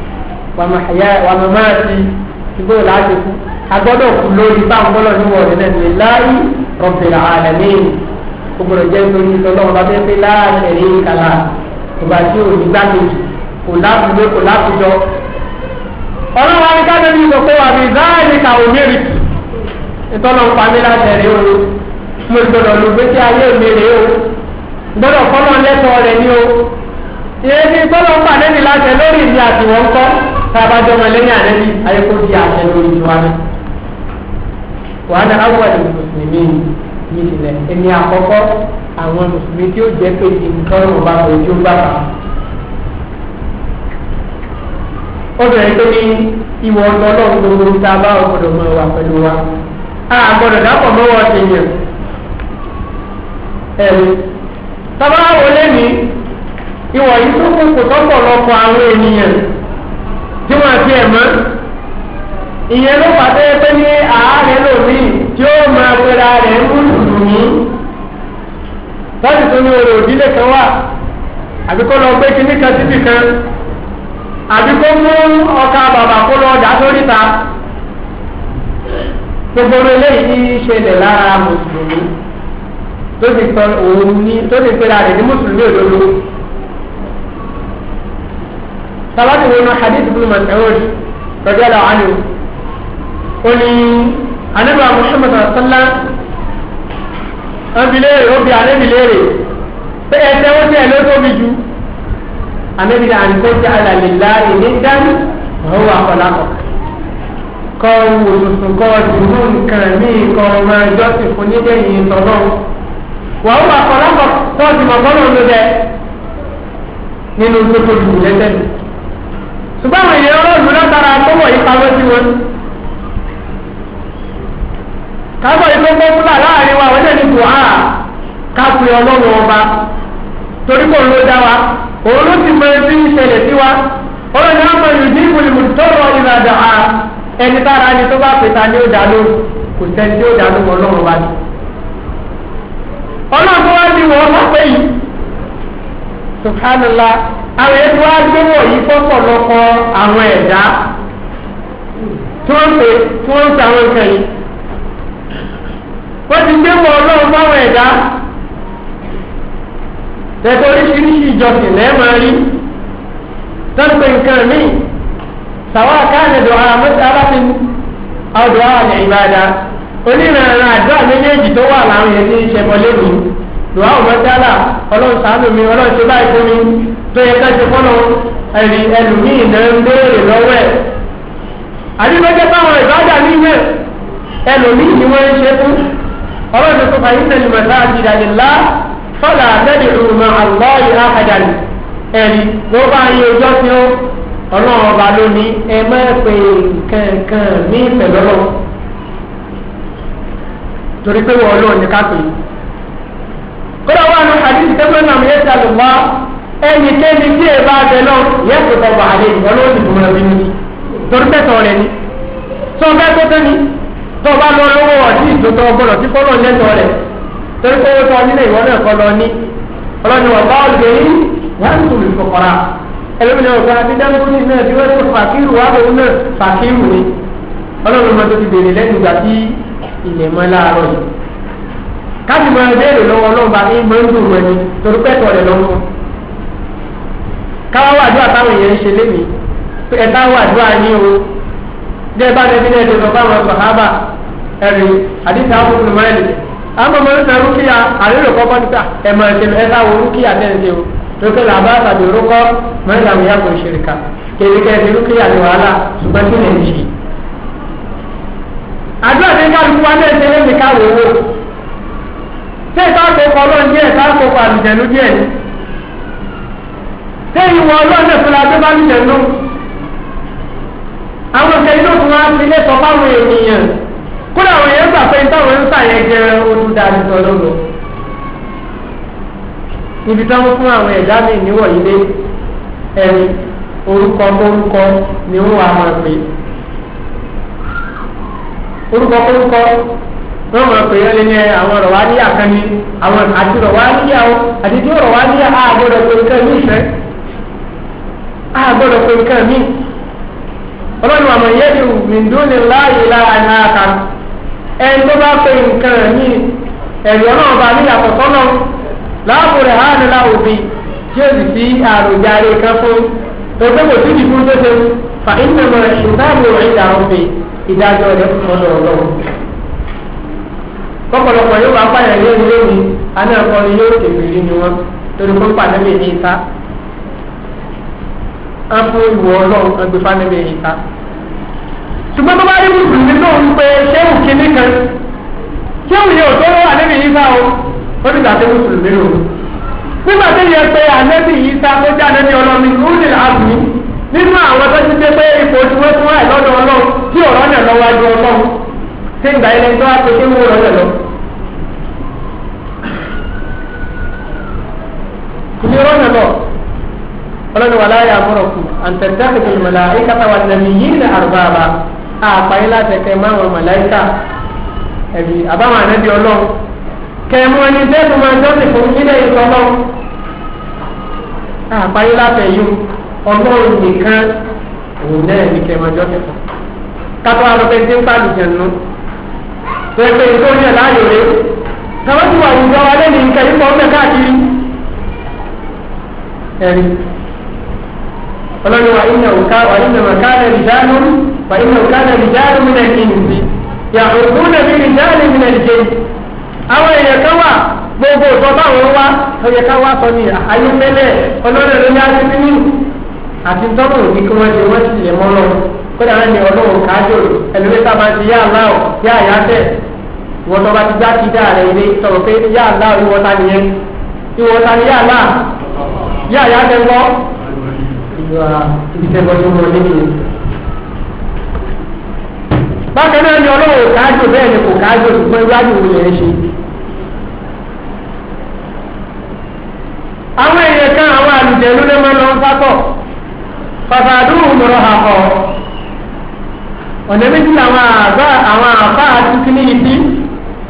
wà màmá àti ṣùgbọ́n láti kú agbọ́dọ̀ kú lórí bá ń gbọ́dọ̀ ní wọ̀nyí náà ní láyé rabbil alamin o gbọ́dọ̀ jẹ́ nítorí ìtọ́lọ́wọ́ bá fẹ́ẹ́ láàrin ẹ̀rí kàlà ìgbà tí ò ní gbàgbéjì kò lábùdó kò lábùjọ. ọlọ́wọ́ arígbádẹ́ ní ìsọ̀kọ́ wà ní záàlì kà ò mérì ìtọ́lọ́ pàmí láti ẹ̀rí o mo gbọ́dọ̀ lu gbé sí ayé mi rè o gbọ́dọ̀ kọ́mọ lẹ́tọ̀ọ́ rẹ̀ ní o ìrètí ìtọ́lọ́ pàdé mi tába jọmọ lẹ́yìn ànẹ́bí ayẹ́kọ́ di àṣẹ lórí tiwa náà wàhánà awọ́ọ̀lì mùsùlùmí yìí sílẹ̀ ẹni àkọ́kọ́ àwọn mùsùlùmí tí ó jẹ́ pé nǹkan ọ̀rọ̀ bá pè tí ó bá bàá. obìnrin tó ní ìwọ ọ̀dọ́ ọlọ́run gbogbo ta bá ọ̀gbọ̀dọ̀ mọ wa pẹ̀lú wa a gbọ́dọ̀ dápọ̀ mọ́wọ́ ṣèyàn ẹ̀rù tọ́ba wọlé mi ìwọ̀ yìí tó kún kò tọ́pọ̀ lọ́pọ̀ àwọn ènìyàn tí wọ́n ti ẹ̀ mọ́ ìyẹn ló pàdé pé ní àárẹ̀ lòmí tí ó máa pera rẹ̀ ń mùsùlùmí láti tó ní orò òdílé kan wà àbí kó lọ gbé kinní kan síbì kan àbí kó mú ọkà bàbà kó lọ dà lórí ta gbogbo eléyìí ní í lára mùsùlùmí tó ti pera rẹ̀ ní mùsùlùmí òdodo sabati wo na hadith bin Mas'ud radiyallahu anhu oni anabi Muhammad sallam an bilere o bi anabi lere pe ẹsẹ wo ti ẹ ló tóbi jù anabi da an kọjá ala lillahi ní dání wọn wà kọlákọ kọ wò tuntun kọ dùnú nǹkan míì kọ máa jọ́sìn fún nídẹ̀yìn tọ́lọ́ wọn wà kọlákọ tọ́jú mọ̀ bọ́lọ̀ ló dẹ nínú tó tóbi jù lẹ́sẹ̀ mi ṣùgbọ́n àwọn èèyàn ọlọ́run látara tọ́wọ̀ yìí pamọ́ sí wọn. kábọ̀ yìí tó pọ́pùlà láàrin wa wọ́n ní dùn áà kápẹ́ ọlọ́run ọba torí kò ló dá wa òun ló ti mọ ẹbí ìṣẹ̀lẹ̀ sí wa ọlọ́run náà mọ ìlú ní ìbùdó tọ́rọ ìrìnàjò à ẹni tára ni tó bá pèta ni ó dá ló kò sẹ́ni tí ó dá ọlọ́run wa ni. ọlọ́run tó wá ní wọ́n mọ̀ yìí subhanallah àwọn ètò wa gbówó yìí fọ́pọ̀lọpọ̀ àwọn ẹ̀dá tí wọ́n ṣe tí wọ́n ṣe àwọn nǹkan yìí wọ́n ti gbé wọ ọlọ́run fáwọn ẹ̀dá tẹ̀tẹ̀ oríṣiríṣi ìjọsìn lẹ́ẹ̀ máa rí tọ́pẹ̀ nǹkan míì sàwọn àkáàdé dọ̀hà mọ́tàláfin ọ̀dọ̀ àwọn ìbàdà onírànràn àdúrà méjèèjì tó wà láwọn yẹn ní ìṣẹ̀bọ lónìí dùwà òmọdéálà ọlọ́run sàánù mi ọlọ́run ṣe báyìí fún mi tó yẹ ká ṣe fọ́nà ẹ̀rí ẹlòmíì náà ń béèrè lọ́wọ́ ẹ̀. àdìgbẹ́jẹ́ báwọn ìbáàdà ní ìwé ẹlòmíì ni wọ́n ń ṣe fún ọlọ́run tó fà yín tẹ̀lé mọ̀tá àdìdàdìlá fọ́lá àtẹ́lẹ̀ ìrùmọ̀ àlọ́ọ̀lì àkàdàlì ẹ̀rí ló bá yẹ ọjọ́ tí ó ọlọ́run ọba lónìí ẹ má pè kankan ní ìfẹ̀lọ́lọ́ torí pé wọ́n ọlọ́run ní ká pè é kódà wà ní àdìsí tẹ́gbẹ́ náà mi yẹ ti àlùmọ́ ẹnikẹ́ni tí ẹ bá bẹ náà yẹ kó tọ̀ bá àlẹ́ ìyẹn ló ti dùnmọ̀ bí mi torí tẹ̀sán rẹ ni tó o bá tó tó ni tó o bá lọ lówó ọtí ìdòtò ọgbọ́dọ̀ tí kọ́lọ́ lẹ́tọ̀ rẹ torí pé ó tọ́ nílé ìwọ náà lọ ní ọlọ́ni wà bá ọ̀gbẹ́ yìí wọ́n tún lè fọkọ̀ra ẹlẹ́mìnira ọ̀gá káàdì mọ ń béèrè lọ́wọ́ ní máa ń dùn ẹni torí pẹ́tọ̀ rẹ̀ lọ́wọ́ káwá wàdúrà táwọn èèyàn ń ṣe lémi o jẹ bá dẹ́bí náà ẹ̀dẹ̀ lọ́ba àwọn sàhábà ẹ̀rì àdìsá ọkùnrin àwọn ọmọ níta ṣe o lókè làbá orúkọ ní wàhálà ṣùgbọ́n lè ṣe. àdúrà ń wa náà ṣe lé ṣé ìta àkókò ọlọ́run díẹ̀ ìta àkókò àlùjẹ̀nu díẹ̀ ni ṣé ìwọ ọlọ́run náà fúnra tó bá àwọn ọ̀sẹ̀ inú fún wa ti lé sọ fáwọn ènìyàn èèyàn gbà pé táwọn ń jẹ ibi táwọn fún àwọn ẹ̀dá mi ẹni orúkọ kórúkọ ni wọ́n wà máa pè wọ́n mọ̀ pé yẹn lé ní àwọn ọ̀rọ̀ wá níyà kan ní àwọn àti ọ̀rọ̀ wá níyà o àti tí ọ̀rọ̀ wá níyà á gbọ́dọ̀ pé nǹkan mí ìfẹ́ á gbọ́dọ̀ pé nǹkan mí. ọlọ́run àmọ̀ yẹ́ ti mìndúni láàyè lára ní aka ẹni tó bá pe nǹkan mí ẹ̀rí ọlọ́run bá níyà kọ̀tọ́ náà láàbò rẹ̀ hàn láòbí tí ó sì fi àròjàre kan fún ẹgbẹ́ kò sí ìdìbò tó ṣe fà ìdájọ́ rẹ̀ fún ọlọ́run kọ́pọ̀lọpọ̀ yóò bá pààyàn yóò ní lónìí àná ẹ̀kọ́ ni yóò kébìrì ni wọn torí pé pàdébì ní ìta á fún ìwọ ọlọ́run ẹgbẹ́ pàdébì ní ìta. ṣùgbọ́n tó bá rí mùsùlùmí náà ń pe ṣéwù kínní kan ṣéwù yóò tó lọ́wọ́ àdébì yìí sá o ó ti gbà pé mùsùlùmí lò ó. nígbà tí yẹ pé àdébì yìí sá tó jẹ́ àdébì ọlọ́run ní ó lè àbùn nínú àwọn tó ti dé pé ipò tí wọ́n fún ẹ̀ lọ́dọ̀ ọlọ́run tí ọ̀rọ̀ náà lọ́wọ́ ṣé ìgbà yẹn lẹ́nu tó wá pé kéwú rẹ̀ lọ. kùmí rọ́nà lọ ọlọ́ni wàlá yà mọ̀rọ̀ kù àǹtẹ̀tẹ̀kùn mọ̀lá ìkàtà wà nàmì yìí ní àrùbáàbà àpáyé láti ẹ̀kẹ́ máa wọ̀ mọ̀láìkà ẹ̀bí àbáwọn ànábì ọlọ́run kẹ̀mú ẹni bẹ́ẹ̀ tó máa jọ́sìn fún ilé ìtọ́ ọlọ́run àpáyé láti ẹ̀yọ́ ọlọ́run nìkan òun náà ní kẹ̀mú ẹjọ́sìn fún kátó alọ́pẹ́ ń pàlùjẹ̀ nù pẹ̀lú ìtò ní ẹ̀dá ayòlé tàbátí wà ìjọ alẹ́ ní nǹkan ìpọ̀ ọ̀mẹ́ káàkiri ẹ̀rí ọlọ́run wà ìnà òkà wà ìnà òkàlẹ̀ ìdánù wà ìnà òkàlẹ̀ ìdánù mi náà kì í nìyí yà òkú náà mi ìdánù mi náà jẹ àwọn èèyàn kan wà gbogbo ìtọ́ báwọn wá ọyẹ ká wá sọ ní àyè mẹ́lẹ̀ ọlọ́run ló yá àti tọ́lọ̀ òbí kí wọ́n ṣe wọ́n sì lè mọ́ lọ́wọ́ kódà wọn ni ọlọ́run kájọ ẹlòmí sábà ti yá aláwọ̀ yá àyáfẹ́ wọn tó bá ti gbá ti dá rẹ̀ ilé sọ̀rọ̀ pé yá aláwọ̀ ìwọ ta nìyẹn ìwọ ta ni yá alá yá àyáfẹ́ gbọ́ bákan náà ni ọlọ́run kájọ bẹ́ẹ̀ ni kò kájọ ṣùgbọ́n iwájú wo yẹn ṣe. àwọn èèyàn kan àwọn àlùjẹ ló lè máa lọ ń sákọ̀ fàfàdúró lọ́rọ̀ àkọ́ ọ̀nà méjì làwọn àbá àwọn àbá àti kíní yìí sí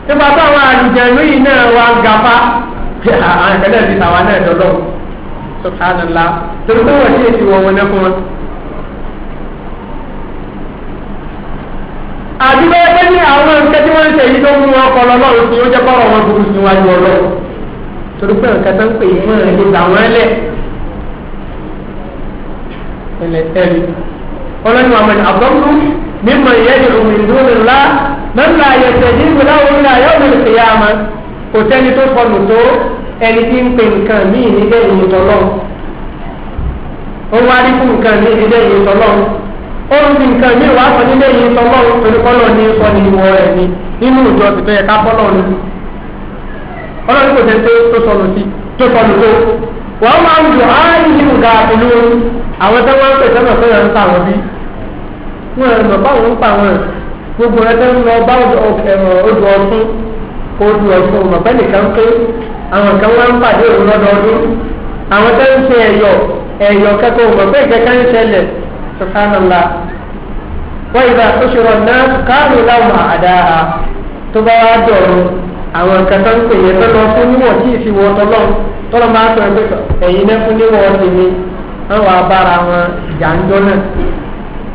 nípa bá àwọn àlùjẹ̀lú yìí náà wà ń gapá àwọn ìpínlẹ̀ ti tàwa náà dọ́dọ̀ subhanallah torí pé wọ́n ṣe èsì wọ̀ wọn lẹ́kùn wọn. àdúgbò ẹgbẹ́ ní àwọn nǹkan tí wọ́n ń ṣe yìí tó mú wọn kọ lọ lọ́rùn sí ó jẹ́ kọ́rọ̀ wọn burú sí wájú ọlọ́run torí pé nǹkan tó ń pè yìí wọ́n lè mímọ يدعو من دون الله من لا ìgbìláwó ńlá yọ̀bù يوم kò sẹ́ni tó kọlù tó ẹni tí ń pè nǹkan míì níbẹ̀ ìyìn tọ́lọ́ ó wá rí fún nǹkan míì níbẹ̀ ìyìn tọ́lọ́ ó ń fi nǹkan míì wá sọ níbẹ̀ ìyìn tọ́lọ́ olùkọ́lọ́ ní sọ ní ìwọ rẹ̀ ni nínú ìjọ tìtọ́ ẹ̀ká bọ́lọ̀ ni ọlọ́run kò sẹ́ni tó sọnù sí tó sọnù tó wọ́n máa ń dùn áyì nínú gàá pẹ̀lú àwọn tẹ́wọ́n pẹ̀sẹ́ wọn ẹ̀ mọ̀ báwọn ń pa wọn gbogbo ẹ̀ tẹ́ ń lọ bá odò ọ̀tún odò ọ̀tún bàbá nìkan pé àwọn kan wá ń pàdé òun lọ́dọọdún àwọn tẹ́ ń ṣe ẹ̀yọ̀ ẹ̀yọ̀ kẹ́kọ̀ọ́ mọ̀ pé ìkẹ́kẹ́ ń ṣẹlẹ̀ sọ̀kánàlá wọ́n ìgbà tó ṣe rọ̀ náà káàlù láwọn àdáhà tó bá wá dọ̀rọ̀ àwọn nǹkan tó ń pè yẹn tó lọ fún níwọ̀n tí ìfiwọ́ tọ́lọ́ tọ́lọ́ máa tọ́ ẹgbẹ́ ẹ̀yìn náà fún níwọ̀n tèmi àwọn abára wọn ìjà ń jọ náà.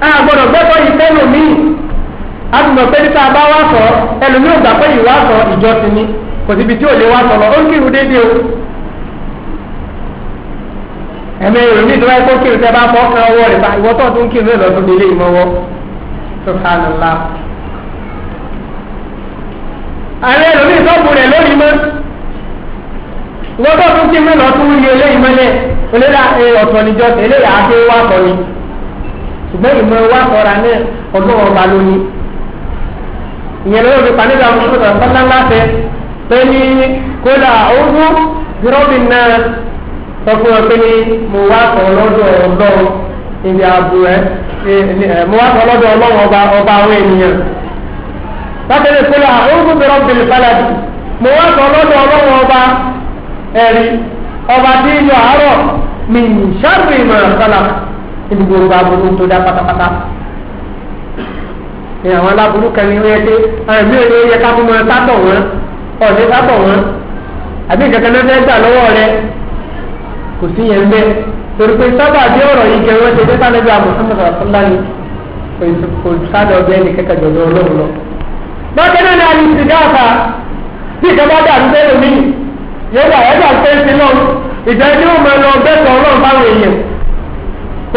a gbẹ́tọ̀ yìí fẹ́nu mí àtùmọ̀ pé níta bá wá sọ ẹlòmíì ò gbà pé ìwà sọ ni kò síbi tí ò lè wá sọ lọ o ẹ̀mẹ́ ìròyìn ìdúrà ẹ̀kọ́ kírun tẹ́ bá fọ́ kan ọwọ́ rẹ̀ bá ìwọ́tọ̀ tó ń kírun lọ́dún nílé ìmọ̀wọ́ tó ká lọ la. àwọn ẹlòmíì sọ́ọ̀bù rẹ̀ lórí mọ́ ìwọ́tọ̀ tó ń kírun ilé ọ̀tọ̀ ṣùgbọ́n ìmọ̀ wa sọ̀rọ̀ ní ọdún ọba lónìí ìyẹn lọ́wọ́ fi pàdé àwọn ọmọ sọ̀rọ̀ sọ́lá láfẹ́ pé ní kódà ọdún gírọ́bì náà sọ fún ọ pé ní mo wá sọ lọ́dọ̀ ọlọ́run níbi ààbò ẹ mo wá sọ lọ́dọ̀ ọlọ́run ọba ọba àwọn ènìyàn látẹ̀lé kódà ọdún gírọ́bì fàlàdì mo wá sọ lọ́dọ̀ ọlọ́run ọba ẹ̀rí ọba tí ìlú àárọ̀ mi ń níbi gbogbo aburú tó dá pátápátá ní àwọn aláburú kan ní wọ́n yẹ pé àmì ò ní yẹ ká fún wọn sábọ̀ wọn ọ̀dẹ́ sábọ̀ wọn àbí kankan náà fẹ́ gbà lọ́wọ́ rẹ kò sí yẹn bẹ́ẹ̀ torí pé sábà bí ọ̀rọ̀ yìí jẹ́ wọ́n ṣe dé sálẹ́bí àmọ̀sánmọ̀sán àtúndáni kò sáré ọbẹ̀ ẹnì kẹ́kẹ́ jọ̀dọ̀ ọlọ́run lọ. bákan náà ni a ní sìgáàfà bí ìjọba dà ń bẹ́ẹ̀ lómi yóò dà ẹ̀dà ń pẹ́ sí náà ìjọ ẹni ò máa lọ bẹ́ẹ̀ sọ ọlọ́run báwọn èèyàn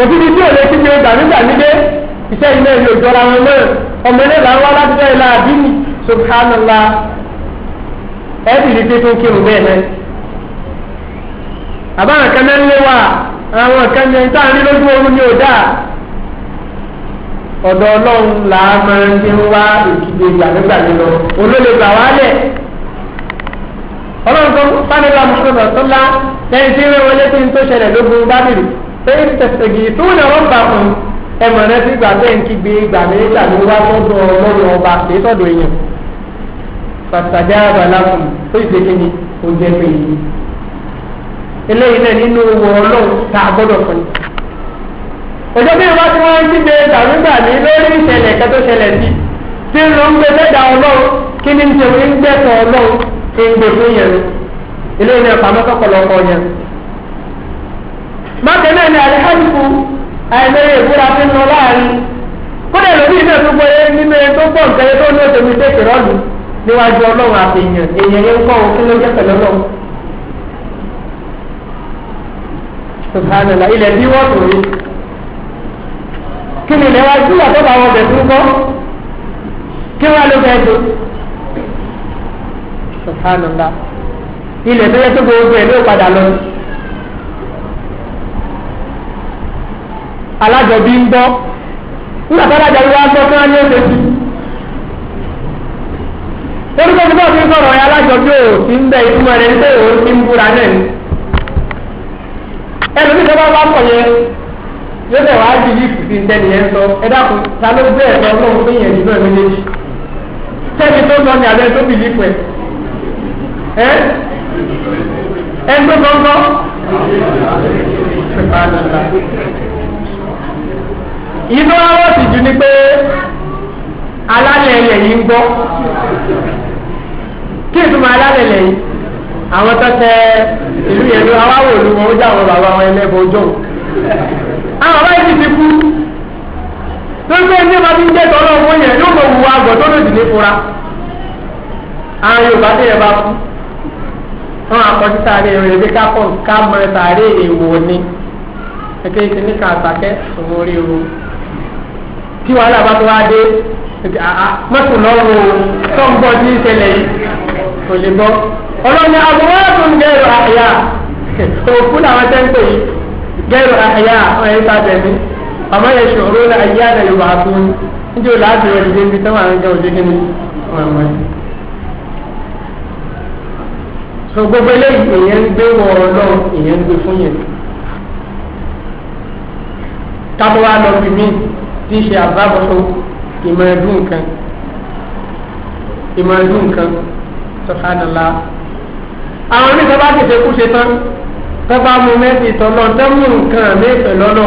òtítí tí òde ti di ọjà nígbà nígbé iṣẹ́ ilé ìlú ìjọra wọn náà ọmọ ilé làwọn alábìjọ ilé àdínì subhanallah ẹ sì rí pé tó ń kírun bẹ́ẹ̀ náà àbáwọn kan náà ń lé wa àwọn kan ní ẹ̀ńtà ní lójú oorun ní ọjà ọ̀dọ̀ ọlọ́run là á máa ń dín wá ìkíde ìgbà nígbà nílọ olólè gbà wá lẹ̀ ọlọ́run tó bá nílò àmọ́ sọ̀rọ̀ tó lá lẹ́yìn tí wọ́n wọlé tó ń tó ṣẹlẹ̀ lógun bá ẹ̀yìn tẹ̀sẹ̀gì tó ń lọ́rọ̀ bá fún ẹ̀mọ̀ rẹ fi bẹ́ẹ̀ ń kígbe ìgbà méjìlá ló wá sọ́dọ̀ ọlọ́run ọba kì sọ́dọ̀ èèyàn pàtàkì àbàlákùn ó sì ṣe ní oúnjẹ pé yìí eléyìí náà nínú owó ọlọ́run tá a gbọ́dọ̀ fún bí wọ́n ti wọ́n ń kígbe ìgbàlúgbà ní lórí ìṣẹ̀lẹ̀ kan ṣẹlẹ̀ sí tí ń ń gbé lẹ́dà ọlọ́run kí bákan náà ni àlehàdùkù àìmọye ìbúra fi ń lọ láàrin kódà lórí iná tó gbọ́ yẹn nínú yẹn tó gbọ́ nǹkan yẹn tó ní òtòmí tó kéré ọ̀lù níwájú ọlọ́run àfihàn èèyàn yẹn ń kọ́ òun kí ló jẹ́ pẹ̀lú ọlọ́run. subhanallah ilẹ̀ bí wọ́n tó yìí kí ni ilẹ̀ wa sí ìyàtọ̀ bá wọn bẹ̀ fún kọ́ kí wọ́n ló bẹ́ẹ̀ tó subhanallah ilẹ̀ tó yẹ tó gbogbo ẹ̀ ló padà lọ. alájọbí ń gbọ́ nígbà tó alájọbí wá gbọ́ kí wọ́n ní oṣù tí. torí pé bíbọ̀ fi ń sọ̀rọ̀ ẹ̀ alájọbí ò sí ń bẹ ìtumọ̀ rẹ̀ pé òun ti ń búra náà ni. ẹlòmíì tó bá wá pọ̀ yẹn yóò tẹ̀ wá di yìí kùsì ń tẹ́lẹ̀ yẹn sọ ẹ dákun ta ló gbé ẹ̀ lọ lóhun fún yẹn nígbà méjèèjì. sẹ́ni tó sọ ní inú ọwọ́ sì jù ni pé alálẹ̀ ilẹ̀ yìí ń gbọ́ kí ìtumọ̀ alálẹ̀ ilẹ̀ yìí àwọn tọ́tẹ ìlú yẹn ló awáwò ìlú wọn ó jẹ́ àwọn bàbá wọn ẹlẹ́bọ̀ ọjọ́ àwọn bàbá yìí ti kú tó ń gbé ní ọba tí ń jẹ́ tọ́lọ́ owó yẹn yóò mọ̀ wùwà àgọ́ tó lòdì ní fura àwọn Yorùbá tó yẹ bá kú wọn àkọsí sáré rẹ̀ bí ká pọ̀ ká mọ sáré èèwọ̀ ni ẹ̀kẹ́ ìsiníkà àtàkẹ́ òun orí ooru. tí wàhálà bá tó wá dé mọ́tò lọ́rùn tó ń bọ̀ ní ìṣẹ̀lẹ̀ yìí kò lè bọ́ ọlọ́ni àbúrò tó ń gẹ̀rọ àyà òkú làwọn tẹ́ ń pè yìí gẹ̀rọ àyà ọ̀ ẹ̀ ta bẹ̀mí ọmọ yẹn ṣòro la àyà náà yóò fún un níbi láti rẹ̀ táwọn àwọn wọ́n so gbogbo eléyìí èèyàn ń gbé wọ ọlọ́run èèyàn ń gbé fún yẹn tábọ̀ lọ bí míì tí í ṣe àbábọ̀tò ìmọ̀ ẹ̀dùn nǹkan ìmọ̀ ẹ̀dùn nǹkan sọ̀kánàlá. àwọn oníṣẹ́ bá ti ṣekú ṣe tán tó bá mú mẹ́sì tọ́lọ́ tẹ́mú nǹkan mẹ́fẹ̀ lọ́nà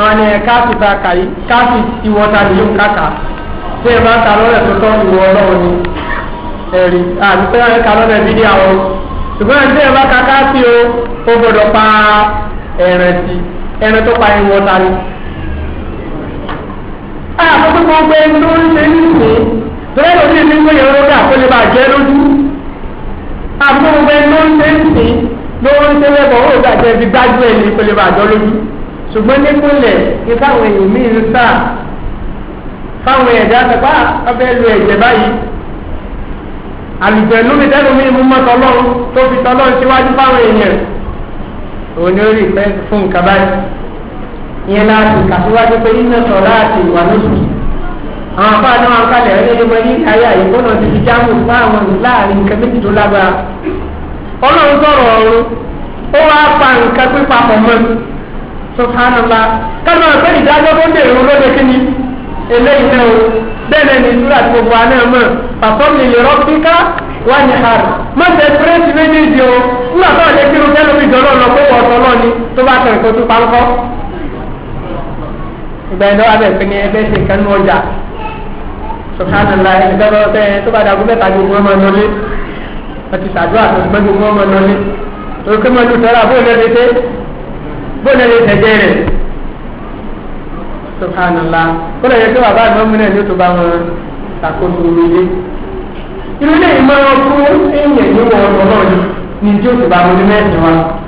àwọn ni káàsì ta kàyí káàsì ìwọ́ta nìyí ń kàkà tí ẹ bá ta lọ́rẹ̀ tó tọ́ ìwọ ọlọ́run ni ẹ̀rí àti pé ẹ ta lọ́rẹ̀ bídí àwọn ṣùgbọ́n tí ẹ bá ka káàsì o ó gbọdọ̀ pa ẹ̀rẹ̀ sí ẹ̀rẹ̀ tó pa ìwọ́ta ni àkókò gbogbo ẹni tó ń ṣe nísìnyí torí ẹ̀rọ ní ìlú ìwé ọ̀rọ̀ dà kó lè bàa jẹ́ lójú àkókò gbogbo ẹni tó ń ṣe nísìnyí ló ń ṣe lẹ́bọ̀ ó gbà jẹ́ fi gbájú ẹ̀ ní kó lè bàa jọ lójú ṣùgbọ́n nípínlẹ̀ ní káwọn èèyàn míì ń sà fáwọn ẹ̀dá sẹ́pà ọbẹ̀ lu ẹ̀jẹ̀ báyìí àlùjẹ̀lú mi tẹ́lu mi mú mọ́tọ́ lọ́run tó fi tọ́lọ́run síwájú fáwọn èèyàn òun ni ó rí ìfẹ́ fún nǹkan báyìí ìyẹn láti kàtíwájú pé iná sọ láti wà lóṣù àwọn afá náà wọn kalẹ̀ ẹni ní wọn ní ayé àyíkó náà ti fi jáàmù fún àwọn láàrin nǹkan méjì tó lágbára ọlọ́run sọ̀rọ̀ ọ̀run ó wá pa nǹkan pípa pọ̀ mọ́ sọ̀tánàlá kánú ọ̀pẹ́ ìdájọ́ tó ń dèrò lóde kíni eléyìí náà o bẹ́ẹ̀ ni ìdúrà tí gbogbo àná mọ̀ pàtọ́mì ìyọ̀rọ̀ píká wà ní àrò mọ̀tẹ́ pírẹ́sì méjèèjì o nígbà tó ọ̀dẹ́ kírun kẹ́lómi jọlọ́ lọ pé wọ́ọ̀tọ́ lọ́ni tó bá tẹ̀ nǹkan tó pa ń kọ́ ìgbà yẹn lọ́wọ́ abẹ́ pẹ́ni ẹgbẹ́ ṣe nǹkan nú ọjà subhanallah ẹgbẹ́ lọ́wọ́ bẹ́ẹ̀ tó bá dàgbọ́ mẹ́ta gbogbo ọmọ nọlé àti sàdúrà àtọ̀gbẹ́ gbogbo ọmọ nọlé òkè mọ́tò sọ́ra bóyá lè bóyá lè tẹ̀jẹ́ rẹ̀ subhanallah kó lè yẹ kí bàbá àgbọn mi náà ní o tó bá wọn ṣàkóso ilé irú ilé ìmọ̀ ọkùnrin èèyàn ní wọn ọ̀dọ́ ní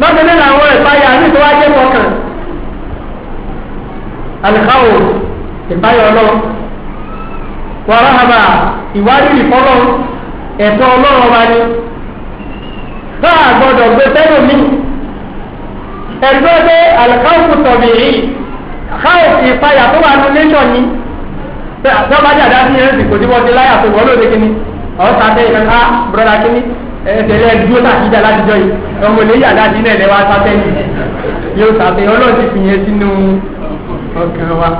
lọ́sẹ̀ nínú àwọn ìpayà nítorí wá jẹ́ kọkàn alikawo ìpayà ọlọ́run wàràhàbà ìwádìí fọlọ́ ẹ̀tọ́ ọlọ́run wa ni náà gbọ́dọ̀ gbé sẹ́nu mi ẹ̀gbẹ́ pé alikawo tọ̀bì yìí káwọ̀ ìpayà tó wà ní nation ni tọ́ba jàdá sí ẹ̀rẹ́sì kò tí wọ́n ti láyà tó wọ́n lóde kíní ọ̀sán tẹ́ ìfẹ́ ká bùrọ̀dá kíní ẹ̀ẹ́dẹ̀lẹ́ dúró tàkìjà látijọ́ yìí ọmọ ilé yàrá sí ilẹ̀ wa sátẹ́yìn yóò sàtẹ́yìn ọlọ́run ti fìyẹn sínú ọkàn wa.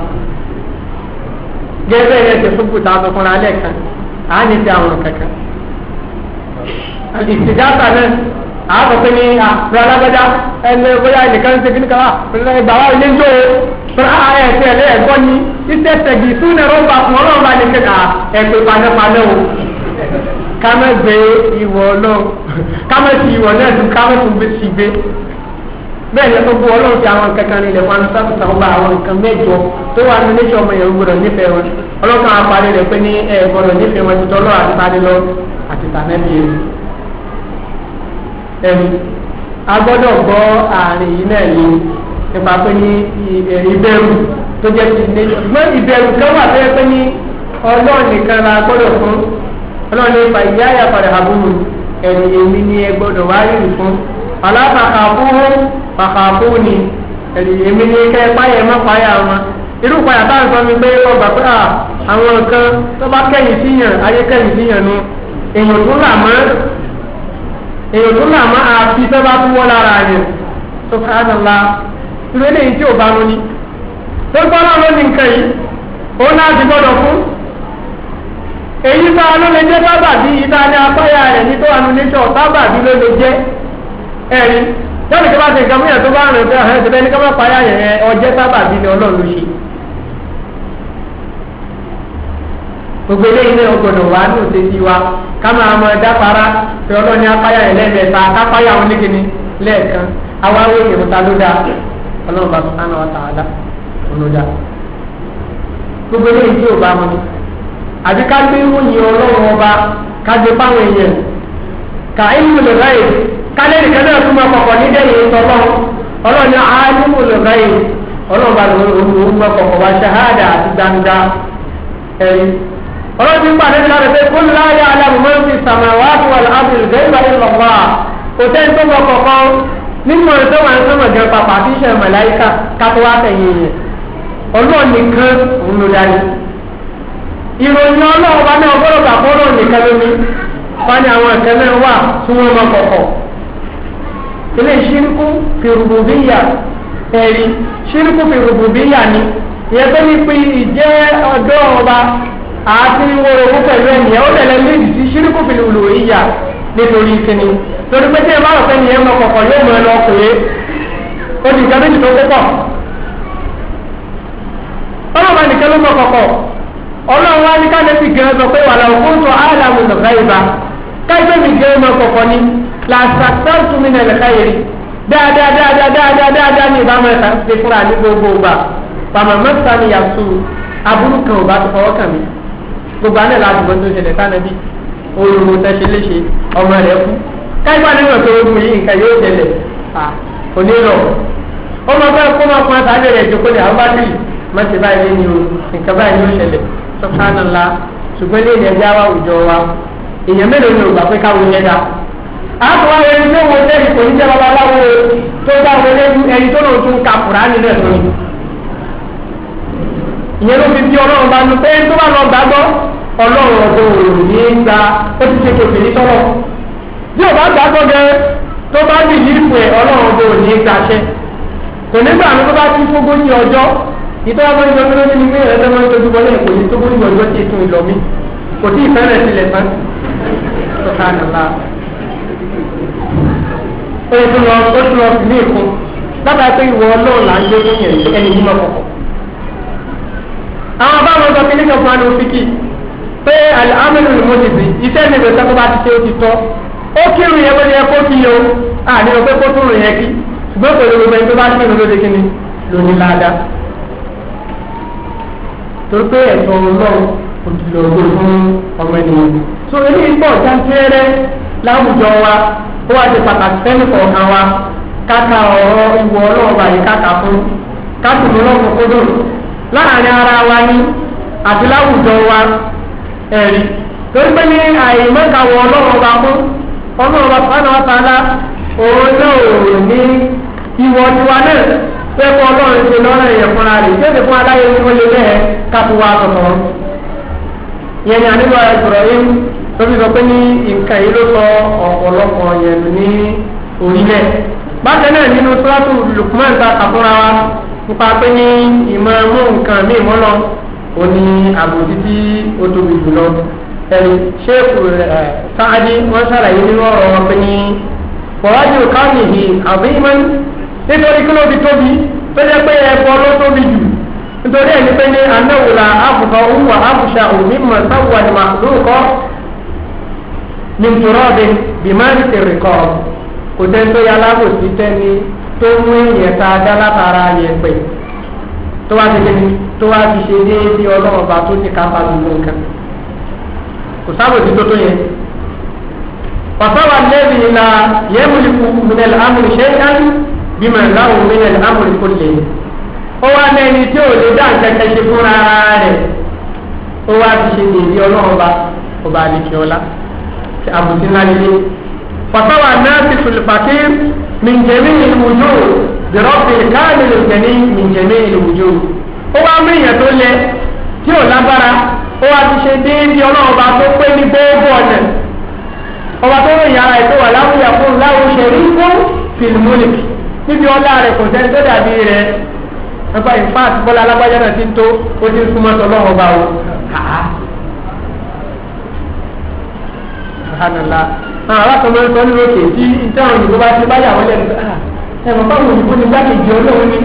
gẹ́gẹ́ yẹn ti fún kùtà sọ fúnra lẹ́ẹ̀kan á ní ti àwọn kankan. ìsìdáta náà a sọ pé ní àpẹẹrẹ alágbájá ẹni bóyá ẹnìkan ṣe kíníkà wà ìgbà wa ilé yóò fún ààyè ẹ̀sìn ẹ̀lẹ́ ẹ̀gbọ́n ni ìṣẹ̀ṣẹ̀gì ìtúnẹ̀rọ̀ ń bá fún ọlọ́run bá ní kíkà ẹ̀pẹ̀ panápaná o ká má gbé ìwọ̀ ọlọ́run ká má ti ìwọ̀ náà dùn ká má tún gbé sí gbé bẹ́ẹ̀ ni gbogbo ọlọ́run fi àwọn kankan nílẹ̀ wọn sábà sábà àwọn nǹkan mẹ́jọ tó wà ní iléeṣẹ́ ọmọ yẹn gbọdọ̀ nífẹ̀ẹ́ wọn ọlọ́run àwọn apárí rẹ̀ pé ní ẹ gbọdọ̀ nífẹ̀ẹ́ wọn títọ́ lọ́wọ́ àti tani lọ àti tànẹ́bí yẹn. ẹnu a gbọ́dọ̀ gbọ́ àárín yìí náà yìí nípa pé ní ìbẹ̀rù tó jẹ́ ti ní ìbẹ̀rù kan wà tó yẹ pé ní ọlọ́run nìkan la gbọ́dọ̀ fún ọlọ́run ní fàyà yàtọ̀rẹ̀ àbúrò ẹ̀rì èmi ni ẹ gbọ́dọ̀ wá rírì fún aláfàkàkúrú fàkàkúrú ni ẹ̀rì èmi ni kẹ́ páyà ẹ má páyà wọn irú páyà bá ń sọ mi pé ọgbà pé àwọn nǹkan tó bá kẹ́yìn síyàn ayé kẹ́yìn síyàn nu èèyàn tó là mọ́ èèyàn tó là mọ́ àfi tó bá túwọ́ lára yẹn tó ká nà la irú eléyìí tí ò bá lóní tó gbọ́ náà lóní nǹkan yìí òun náà ti gbọ́dọ̀ fún. èyí bá ló lè jẹ́ sábàbí ìta ní apáyà rẹ̀ ní tó wà ní oníṣọ́ sábàbí ló lè jẹ́ ẹ̀rí lọ́nà tó bá ti nǹkan múyàn tó bá rìn sábàbí ni ṣe. gbogbo eléyìí náà ní sí wa ká máa mọ ẹ̀dá para pé ọlọ́run ní apáyà kápáyà ló dáa àti ká gbé ìròyìn ọlọ́run ọba ká gbé báwọn èèyàn kà ìlú lè ráyè ká lè nìkan náà fún ọkọ̀ọ̀kọ̀ ní dẹ́yìn ìtọ́lọ́run ọlọ́run ní àádúgbò lè ráyè ọlọ́run bá lòun òun ọkọ̀ọ̀kọ̀ wá ṣahádà àti gbangba ẹ̀rí ọlọ́run ti ń pàdé ní láti pé kún láyé alábùmọ́ ti sàmà wá fún wa wà ń sọ̀rọ̀ jẹun pàpà ìròyìn ọlọ́run bá náà gbọ́dọ̀ gbà gbọ́dọ̀ nìkan lómi wọ́n ní àwọn ẹ̀kẹ́ náà wà tí wọ́n máa kọ̀kọ̀ ilé ṣírkú fi rùbùbíyà ẹ̀rí ṣírkú fi rùbùbíyà ni ìyẹn tó ní pé ìjẹ́ ọ̀dọ́ ọba àti wọ́rọ̀wọ́ pẹ̀lú ẹ̀nìyẹ ó tẹ̀lé léèdì sí ṣírkú fi lùlù ìyà nítorí kíni torí pé tí ẹ bá rọ̀ pé nìyẹn máa kọ̀kọ̀ yóò mọ ẹ lọ pé ó ti ìjọba ìjọba tó pọ̀ ọlọ́ba nìkan ló mọ kọ̀kọ̀ ọlọ́run wá ní kánẹ́tì gẹ́rẹ́ sọ pé wàlà òkun tó àlàmù lọ́gá ìbá kájọ́ mi gẹ́rẹ́ mọ kọ̀kọ́ ni làṣàṣà túnmí nà lẹ́ka yẹri dáadáa dáadáa dáadáa dáadáa ní ìbámu ẹ̀ka ṣe fúnra ní gbogbo ọgbà bàmà mẹ́ta ni yàtú aburú kan ò bá tó fọwọ́ kàn mí gbogbo àná láti gbọ́n tó ṣẹlẹ̀ kánẹ́bí olùwò tẹ́ṣe léṣe ọmọ rẹ̀ kú kájọ́ àdéhùn tó ogun subhanallah ṣùgbọ́n ilé ìyẹn jẹ́ àwọn àwùjọ wa èèyàn mélòó ni ògbà pé káwọn yẹn dá àtúwá ẹni tó wọ ẹni kò ní jẹ́ babaláwo tó bá wọlé ẹni tó lòun tún ka kùránì náà lónìí ìyẹn ló fi bí ọlọ́run bá nu pé tó bá lọ gbàgbọ́ ọlọ́run ọ̀dọ́ òòrùn ní í gba ó ti ṣe kòkèrè tọ́lọ̀ bí ọba gbàgbọ́ gẹ tó bá bì yí ìpè ọlọ́run ọ̀dọ́ òòrùn ní í ìtọ́ àwọn ìjọ tó lójú ní pé ẹ̀rọ máa ń dojú wọlé kò ní tó bójú ọjọ́ tí ìtún ìlọ mi kò tí ìfẹ́ rẹ̀ tilẹ̀ tán sọ̀tànàlá. ó ti lọ ó ti lọ sí ní ìkún dábàá pé ìwọ ọlọ́run là ń gbé fún yẹn ẹni yìí mọ̀ kọ̀kọ̀. àwọn báwọn ọjọ́ kìíní kan fún anúfikì pé amínú ni mo ti bì iṣẹ́ mi lòtọ́ tó bá ti ṣe ó ti tọ́ torí pé ẹ̀tọ́ ọlọ́run òjìlọ́gbọ̀n fún ọmọ ènìyàn. so eléyìí pọ̀ jáńtẹ́rẹ́ láwùjọ wa ó wá ti pàtàkì fẹ́mi kọ̀ọ̀kan wa káka ọ̀rọ̀ ìwọ ọlọ́run báyìí káka fún kásìmí ọlọ́run kódò láàrin ara wa ni àti láwùjọ wa ẹ̀rí torí pé ní àìmọ́ka wọ ọlọ́run ọba fún ọlọ́run ọba fún ọ̀nà ọ̀tá ńlá òun náà ò ní ìwọ tiwa náà pẹ́ẹ́pọ̀ ọlọ́run ṣe lọ́rọ̀ èèyàn fúnra rẹ̀ ṣé èdè fún aláyé ni wọ́n lè bẹ́ẹ̀ kápú wa sọ̀tọ̀ yẹn ni àníbọ̀ ibrahim tó fi sọ pé ní nǹkan yìí ló sọ ọ̀pọ̀lọpọ̀ yẹn ní orílẹ̀ bákan náà nínú sọ́tù lukman ta kàfúnra wa nípa pé ní ìmọ̀ mú nǹkan mí mọ́lọ ó ní àbòsí tí ó tóbi jùlọ ẹni ṣéèkù sáájú wọn ṣàlàyé nínú ọ̀rọ̀ wọn pé ní nítorí kí ló fi tóbi tó jẹ́ pé ẹ̀fọ́ ló tóbi jù nítorí ẹni pé ní anáwòlà àbùkọ òwúwà àbùṣà òní mọ̀ sáwùwà ni mà lóòkọ́ ní ntòrọ́ọ̀dẹ bìmá ní tèrè kọ́ kò tẹ́ tó yá lábòsí tẹ́ni tó mú èèyàn ta dá látara yẹn pẹ̀ tó wá ti ṣe tó wá ti ṣe déédéé ọlọ́mọba tó ti kápá gbogbo nǹkan kò sábòsí tó tó yẹn pàṣẹ wà lẹ́yìn ìlà yẹ́mùlìkù mìnẹ́lì àmì ṣẹ́yìn bímọ láwọn mílẹ̀ lámùrí kò lè ó wá lẹ́ni tí ò lè dá nkẹ́kẹ́ ṣe fúnra rẹ̀ ó wá ti ṣe èyí ọlọ́run bá ọba àdìkì ọlá ti àbùsí ńlá nílé fàtàwà náà ti fìlìpàkì mìjẹ̀mí ìlúwùjọ́ dìrọ́pì káàdì lòjẹ̀ní mìjẹ̀mí ìlúwùjọ́ ó wá míyàn tó lẹ tí ò lágbára ó wá ti ṣe déédéé ọlọ́run bá tó pé ní gbogbo ọ̀nà ọba tó rìn yàrá ètò wà láwùjọ fún láwùjọ rí fún fìlìmọ́lìkì níbi ọlá rẹ̀ kò sẹ́ni tó dàbí rẹ̀ ẹgbẹ́ ìfá àti bọ́lá alágbájá náà ti ń tó ó ti ń súnmọ́ sọ lọ́wọ́ bá o. Àhànàlá àwọn alákọ̀ọ́mọ́ ń sọ nínú òkè tí ìtẹ́wọ̀n òyìnbó bá ti báyà wọlé ẹ̀ ah, ẹ̀ mọ̀ báwo ah. òyìnbó ni gbákejì ọlọ́run ní.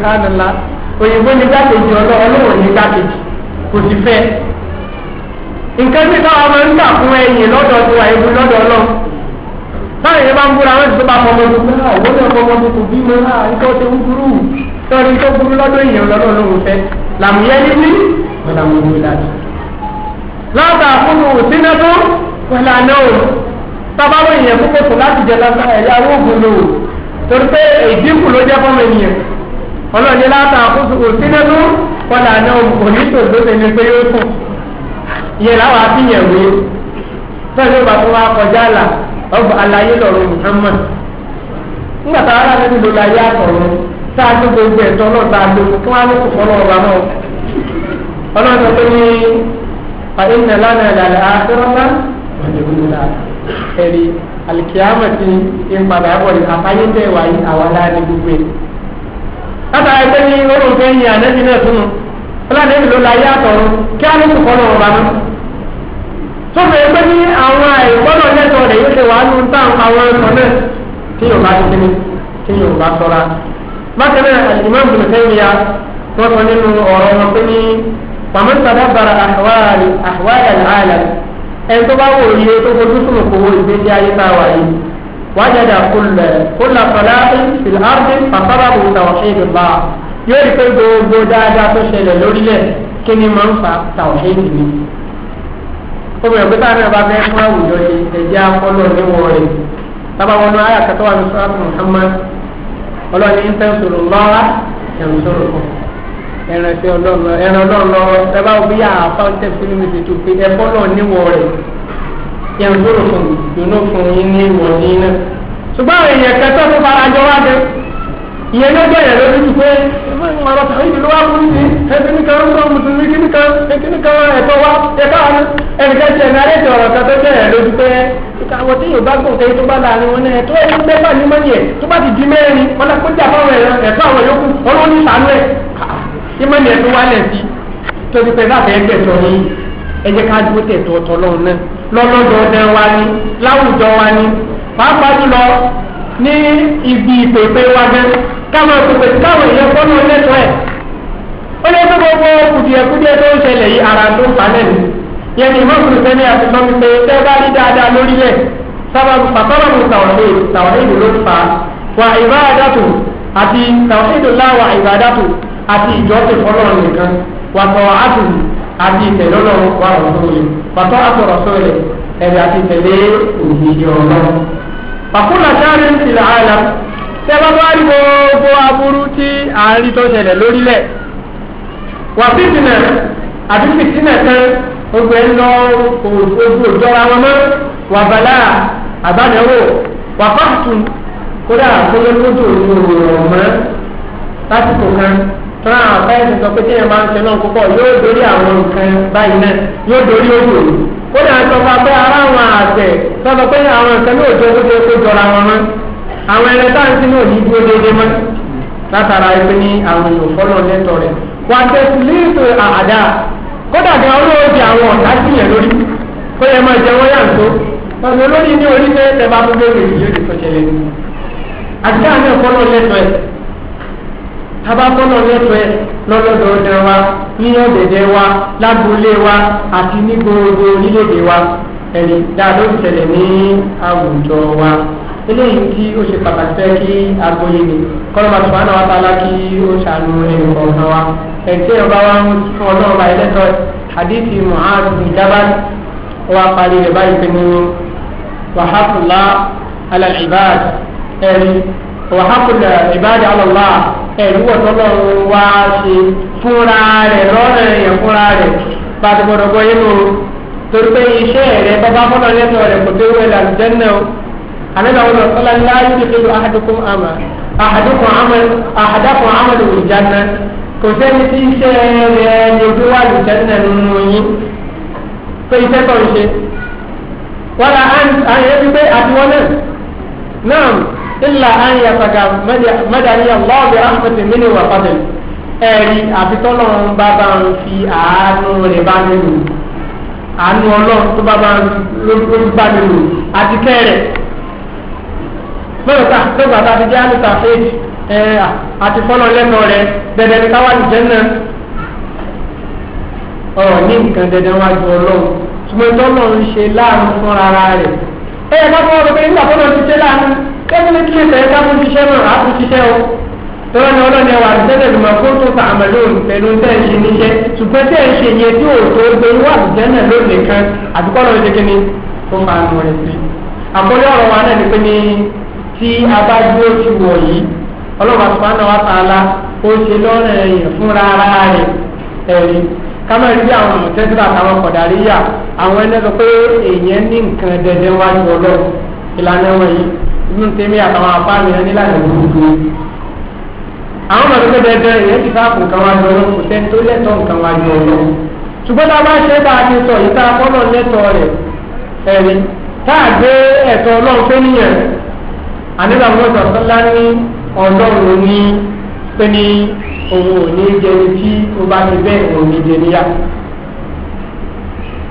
Àhànàlá òyìnbó ni gbákejì ọlọ́run ní gbákejì kò sì fẹ́. Nǹkan tí káwọn máa ń gbà fún ẹ̀yìn lọ́dọ̀ tiwa ìlú báyìí ni bá ń búra wọn ti tó bá fọmọ ojú náà owó náà fọmọ ojú kò bí wọn náà ikọ́ ti ń burú sọ́ọ́ni tó burú lọ́dọ̀ èèyàn lọ́dọ̀ lóhùn fẹ́ làmúyẹ́ nílí wọn làwọn òwe láti. lọ́ọ̀tà fún òsínà tó wọn là náà o tábà wọ èèyàn púpọ̀ tó láti jẹ lọ́sàn ẹ̀yà oògùn lò ó torí pé ìdínkù ló jẹ́ fọmọ ènìyàn ọlọ́ọ̀ni látà fún òsínà tó wọn là ní ọgbà àlàyé lọ́rọ̀ Muhammad nígbà tá a rà nínú ìlú láyé àtọ̀rọ̀ tá a tó gbogbo ẹ̀tọ́ náà tá a lò kí wọ́n á lóko fọ́nà ọba náà ọlọ́run sọ pé ní fàdínà lánàá ìlànà àtọ́rọ́tà ẹ̀rí alikiyama ti ìpadà bọ̀ ní àfáyétẹ́ wáyé àwọn aláàdé gbogbo ẹ̀. Láta ẹgbẹ́ ní orúkọ ẹ̀yìn ànẹ́bí náà túnú. Fúlàní ìlú láyé àtọ̀rọ̀ kí á lóko ọba náà tó fẹ́ pé ní àwọn àìgbọ́dọ̀ lẹ́tọ̀ọ́ rẹ̀ yóò ṣe wà á nu tá àwọn ẹ̀kọ́ náà tí yóò bá ṣe ní tí yóò bá sọ́ra. bákan náà àlùmọ́ ìbùnú sẹ́yìn ya wọ́n sọ nínú ọ̀rọ̀ wọn pé ní pàmòtàdá bara àhwáyà àhwáyà ẹni tó bá wò iye tó fojú sùn kò wo ìgbésí ayé tá a wà yìí wájàdà kúlẹ̀ kúlà fàlàfin fìlàfin fàfàràbù tàwọ̀ṣẹ́dì bá yóò rí pé gbogbo dáadáa tó ṣẹlẹ̀ lórílẹ̀ kí ni máa ń fa tàwọ̀ṣẹ́dì ni tóbi ọ̀gbẹ́ táwọn náà bá fẹ́ fún àwùjọ ṣe ẹ̀jẹ̀ akọ́lọ̀ níwọ̀n rẹ̀ tábà wọn náà ayà kẹtọ́ wà ní sọ́ra Muhammad ọlọ́ọ̀ni ń tẹ̀sọ̀rọ̀ lọ́wọ́ ẹ̀rọ̀sọ̀rọ̀ kan ẹ̀rọ ṣe ọlọ́ọ̀lọ́ ẹ̀rọ ọlọ́ọ̀lọ́ tábà wọn bí yà á fáwọn tẹ̀sí ní mèsì tó pé ẹ̀kọ́lọ̀ níwọ̀n rẹ̀ ẹ̀rọ̀sọ̀rọ̀ kan dùnú fún yín ní ìwọ̀n yín náà ṣùgbọ́n ìyẹn ló jẹ́ ìyẹn lójú pé ọ̀rọ̀ tàbí ìlú wa burú sí ní kan mùsùlùmí kí ní kan ní kan ẹ̀tọ́ wa ẹ̀ka àánú ẹnìkan ti ẹ̀mí ọ̀rọ̀ kan tó jẹ́ pé àwọn tí yóò bá tó bá wọn náà tó ẹni mẹ́fà di mẹ́rin wọn náà kó jà fáwọn àwọn yòókù ní ibi ìpèpè wa gẹ́ káwọn ìpèpè káwọn èèyàn fọ́nà lẹ́tọ̀ ẹ̀ ó lé tó gbogbo kùdìẹ̀kùdìẹ̀ tó ń ṣẹlẹ̀ yìí ara tó fà náà ni yẹn ni ìmọ̀kùn sẹ́ni àti mọ́kùn pé tẹ́ bá rí dáadáa lórí ẹ̀ sábàbù pàtàkì tàwọ̀lẹ́ tàwọ̀lẹ́ ìlú ló fà wà ìbáradàtò àti tàwọ̀lẹ́dọ̀lá wà ìbáradàtò àti ìjọ́sìn fọ́nà nìkan wà tọ̀wọ̀ àtùn àti ìtẹ̀lọ́lọ́ wà rọ̀ sóòlì pàtàkì àtọ̀rọ̀ sóòlì ẹ̀rẹ̀ àti ìtẹ̀lé òjì fàkúlà sáré ń tilẹ̀ àlà tẹ bá bá rí gbogbo aburú tí a ń rí tó ṣẹlẹ̀ lórílẹ̀ wà fìtìnà àbí fìtìnà kan gbogbo ẹ̀ ń lọ ojú òjọra wọn mọ́ wà bàlá àbádẹ́wò wà fàtún kódà kólókódò ní òòrùn mọ́ lásìkò kan tọ́lá àwọn afẹ́yẹ̀sì sọ pé tí yẹn máa ń ṣe náà púpọ̀ yóò dórí àwọn nǹkan báyìí náà yóò dórí òòrùn ó dà sọfà pé ara àwọn àgbẹ̀ sọfà pé àwọn nǹkan ní òjò tó ṣe kó jọra wọn mọ́ àwọn ẹlẹ́tà ń sinú òjì dúró déédéé mọ́ látara ẹgbẹ́ ní àwọn òfọ́lọ́ lẹ́tọ̀ rẹ̀ wà tẹ̀sílẹ́tò àdá kódà gan olóòjì àwọn ọ̀tá sí yẹn lórí kó yẹ máa jẹ wọ́n yàtọ̀ ọ̀nà olórí ní orí tẹ́ tẹ́ bá tó bẹ̀rẹ̀ ìyóò tabakọ́nà lẹ́fẹ̀ẹ́ lọ́lọ́dọọdẹ wa ní ọ̀dẹ̀dẹ̀ wa lágboolé wa àti ní gbogbo orílẹ̀-èdè wa ẹ̀rí dáadọ́ ìṣẹ̀lẹ̀ ní àwùjọ wa eléyìí tí ó ṣe pàtàkì fẹ́ kí agboolé ni kọ́lọ́mà tó bá náà wá tálá kí ó ṣàánú ẹnì kọ̀ọ̀kan wa ẹ̀tí ọba wa ń fún ọlọ́run bá ẹlẹ́tọ̀ hadithi muhammed jabal wa parí rẹ̀ báyìí pé wàhálà alàlìbáàdì ẹ̀rí wàhálà alàlìbáàdì alàlá ẹ̀rúwọ̀ tọ́lọ́run wá ṣe fúnra rẹ̀ lọ́rọ̀ yẹn fúnra rẹ̀ bàtà gbọ́dọ̀ gbọ́ yín o torí pé iṣẹ́ rẹ̀ bàbá fọ́nà lẹ́tọ̀ rẹ̀ kò déwé làlùjẹ́nà o àlejò àwọn ọ̀sọ́lá ńlá yóò ṣe lu ahadukum ama ahadukum amal ahadukum amal òjànà kò sẹ́ni tí iṣẹ́ rẹ̀ lójú wà lùjẹ́nà nínú yín pé iṣẹ́ tó ṣe wọ́n la àyẹ̀bí pé àtiwọ́n náà náà. إلا أن yàtàgà مدني الله rahmatu mini وفضل fadé ẹ̀rí àfitọ́nà في bá ń fi àánú rẹ̀ bá nínú àánú ọlọ́run tó bá bá ń bá nínú àti kẹ́rẹ̀ mẹ́rẹ̀ta tó bàtà ti jẹ́ àlùtà fèjì àti fọ́nà lẹ́nu rẹ̀ dẹ̀dẹ̀ ní káwá ní jẹ́ náà ọ̀rọ̀ ní nǹkan dẹ̀dẹ̀ wájú ọlọ́run ṣùgbọ́n ìtọ́nà ń ṣe láàánú fúnra rẹ̀ ẹ̀yẹ bá fọwọ́ pé nígbà tó ti ṣe láàánú kẹ́kẹ́lẹ́ kí ẹsẹ̀ ẹ̀ka fún ṣiṣẹ́ náà á fún ṣiṣẹ́ o tọ́lá ni ọlọ́ni ẹwà àtẹ́tẹ̀ ló máa kó tó ta àmàlóhùn pẹ̀lú tẹ́ ẹ̀ ṣe níṣẹ́ ṣùgbọ́n tẹ́ ẹ̀ ṣe yẹn tí ò tó gbé wà àbùjẹ́ náà lónìí kan àdúgbò lọ́wọ́ ṣe kíni tó máa nù rẹ̀ sí. àkọlé ọ̀rọ̀ wa náà ni pé ní tí a bá gbé oṣù wọ̀ yìí ọlọ́wà sùpánà wa tààlà ó ṣe lọ́rẹ̀ yẹn fúnra ara rẹ̀ ẹ̀rí kámá rí bí àwọn mọ̀tẹ́sílà àtàwọn kọ̀dáríyà àwọn ẹni inú tèmi àtàwọn apá mi ẹni láti burúkú àwọn ọmọdé pé dandan èèyàn ti fáàpù nǹkan wájú ọlọ́run kò sẹ́ni tó lẹ́tọ̀ọ́ nǹkan wájú ọlọ́run ṣùgbọ́n tá a bá ṣe bá a ti sọ yìí tá a kọ́nà lẹ́tọ̀ọ́ rẹ̀ ẹ̀rí tá a gbé ẹ̀tọ́ ọlọ́run tó níyàn àníbà mọ́tò sọ́lá ní ọlọ́run ní pé ní òun ò ní jẹni tí o bá ti bẹ́ẹ̀ òun ní jẹni yá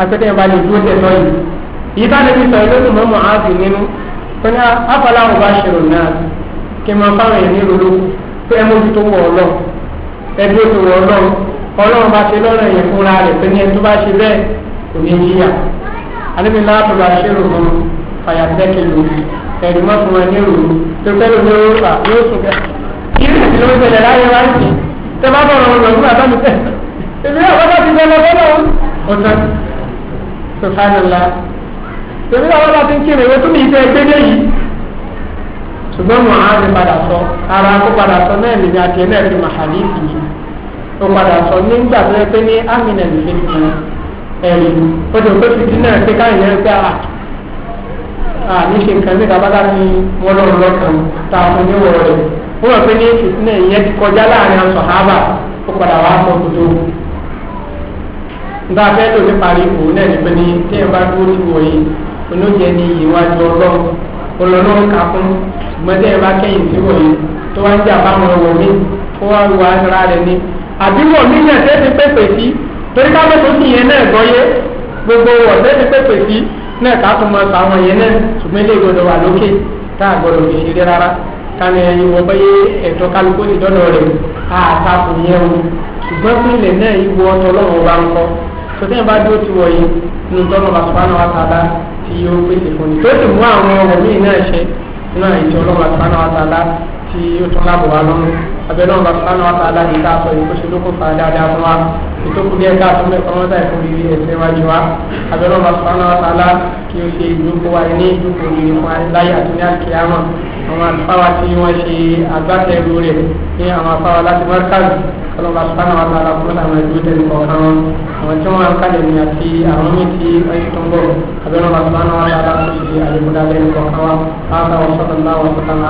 apẹ́tẹ́ ìbálẹ̀ ìdúró tẹ̀sọ́ yìí pẹ̀lú afọlá ọba ṣẹlẹ̀ náà kí n máa fáwọn èèyàn ní ronú pé ẹ mójú tó wọ ọlọ́run ẹbí tó wọ ọlọ́run ọlọ́run bá ṣe lọ́rọ̀ yẹn fúnra rẹ̀ pé ní ẹni tó bá ṣe bẹ́ẹ̀ kò ní yíyà alẹ́bí láàbù bá ṣẹlẹ̀ ọ̀hún fàyàtẹ́kẹ̀ lò ẹ̀rí mọ́ fún ẹ ní ronú tó fẹ́rẹ̀ ló rà yóò sùn kẹ́ yìí sì ló ń láyé wá sí tẹ bá bá ti tèmi làwọn bá ti ń kírun ìwé tó ní ìfẹ́ gbé dé yìí ṣùgbọ́n mọ̀ á ní padà sọ ara kó padà sọ náà lèmi àti ẹ̀ náà fi mà hàlí sí i ó padà sọ nígbà tó yẹ pé ní amina lè fi kàn ẹ̀rí ó ti pé fìdí náà pé káyìn náà pé à ah, à ah, ní ṣe nǹkan níta bá dáni wọn lọ lọkàn tá a fún ní wọ rẹ ó láàrin àwọn sọ̀hábà padà wá sọ òdodo nígbà fẹ́ lò ní parí òun náà ní pé ní téèyàn bá dúró níwò yìí olóúnjẹ ní ìwájú ọlọ́run ọlọ́run kà fún mọ́tẹ́ ẹ bá kẹ́yìn sí wọ̀nyí tó wá ń jà báwọn ọ̀wọ̀ mi ó wá lu ara rẹ̀ ni àbí wọ̀ mí yẹn tẹ́ ti pépè sí torí ká lóko sí yẹn náà gbọ́yé gbogbo wọ̀ tẹ́ ti pépè sí náà ká tó mọ sàwọn yẹn náà ṣùgbọ́n ilé ìgbọ́dọ̀ wà lókè tá a gbọ́dọ̀ fi ṣeré rárá kálẹ̀ ìwọ bẹ́yẹ ẹ̀tọ́ kálukú ti dọ́dọ̀ rẹ̀ àtàkù yẹn o ṣùgbọ́n fún ilẹ̀ náà ìwọ ọtọ ọlọ́run ọba ń kọ́ sọtẹ́yìn bá dúró ti wọ̀ yìí nínú tọ́nà bàtúbánà wa tàbá tí ó pèsè fún mi tó sì mú àwọn ọmọ mi náà ṣe náà ìjọ ọlọ́run àti abẹ́lẹ́ wọn bá sanu wa tààlà yìí ká sọ yìí kó ṣe lóko fa dáadáa fún wa ìtòkù díẹ̀ ká fún mi kọ́mọ́tà ìfún mi ẹsẹ̀ wájú wa abẹ́lẹ́ wọn bá sanu wa tààlà kí o ṣe ìdókò wa ní ìdókò yìí fún aláyé àti ní àkíyàmọ̀ àwọn àlùfáà tí wọ́n ṣe agbátẹ̀rù rẹ̀ ní àwọn afáwa láti mọ́kàlù ọlọ́ba sanu wa tààlà fún àwọn ìlú tẹ̀lé kọ̀ọ̀kan wọn àwọn tí wọ́n kálẹ̀ ní àti àwọn míì tí wọ́n tó ń bọ̀ abẹ́rẹ́ wọn sanu wa tààlà kó ṣe àlùkò dáadáa kọ̀ọ̀kan wa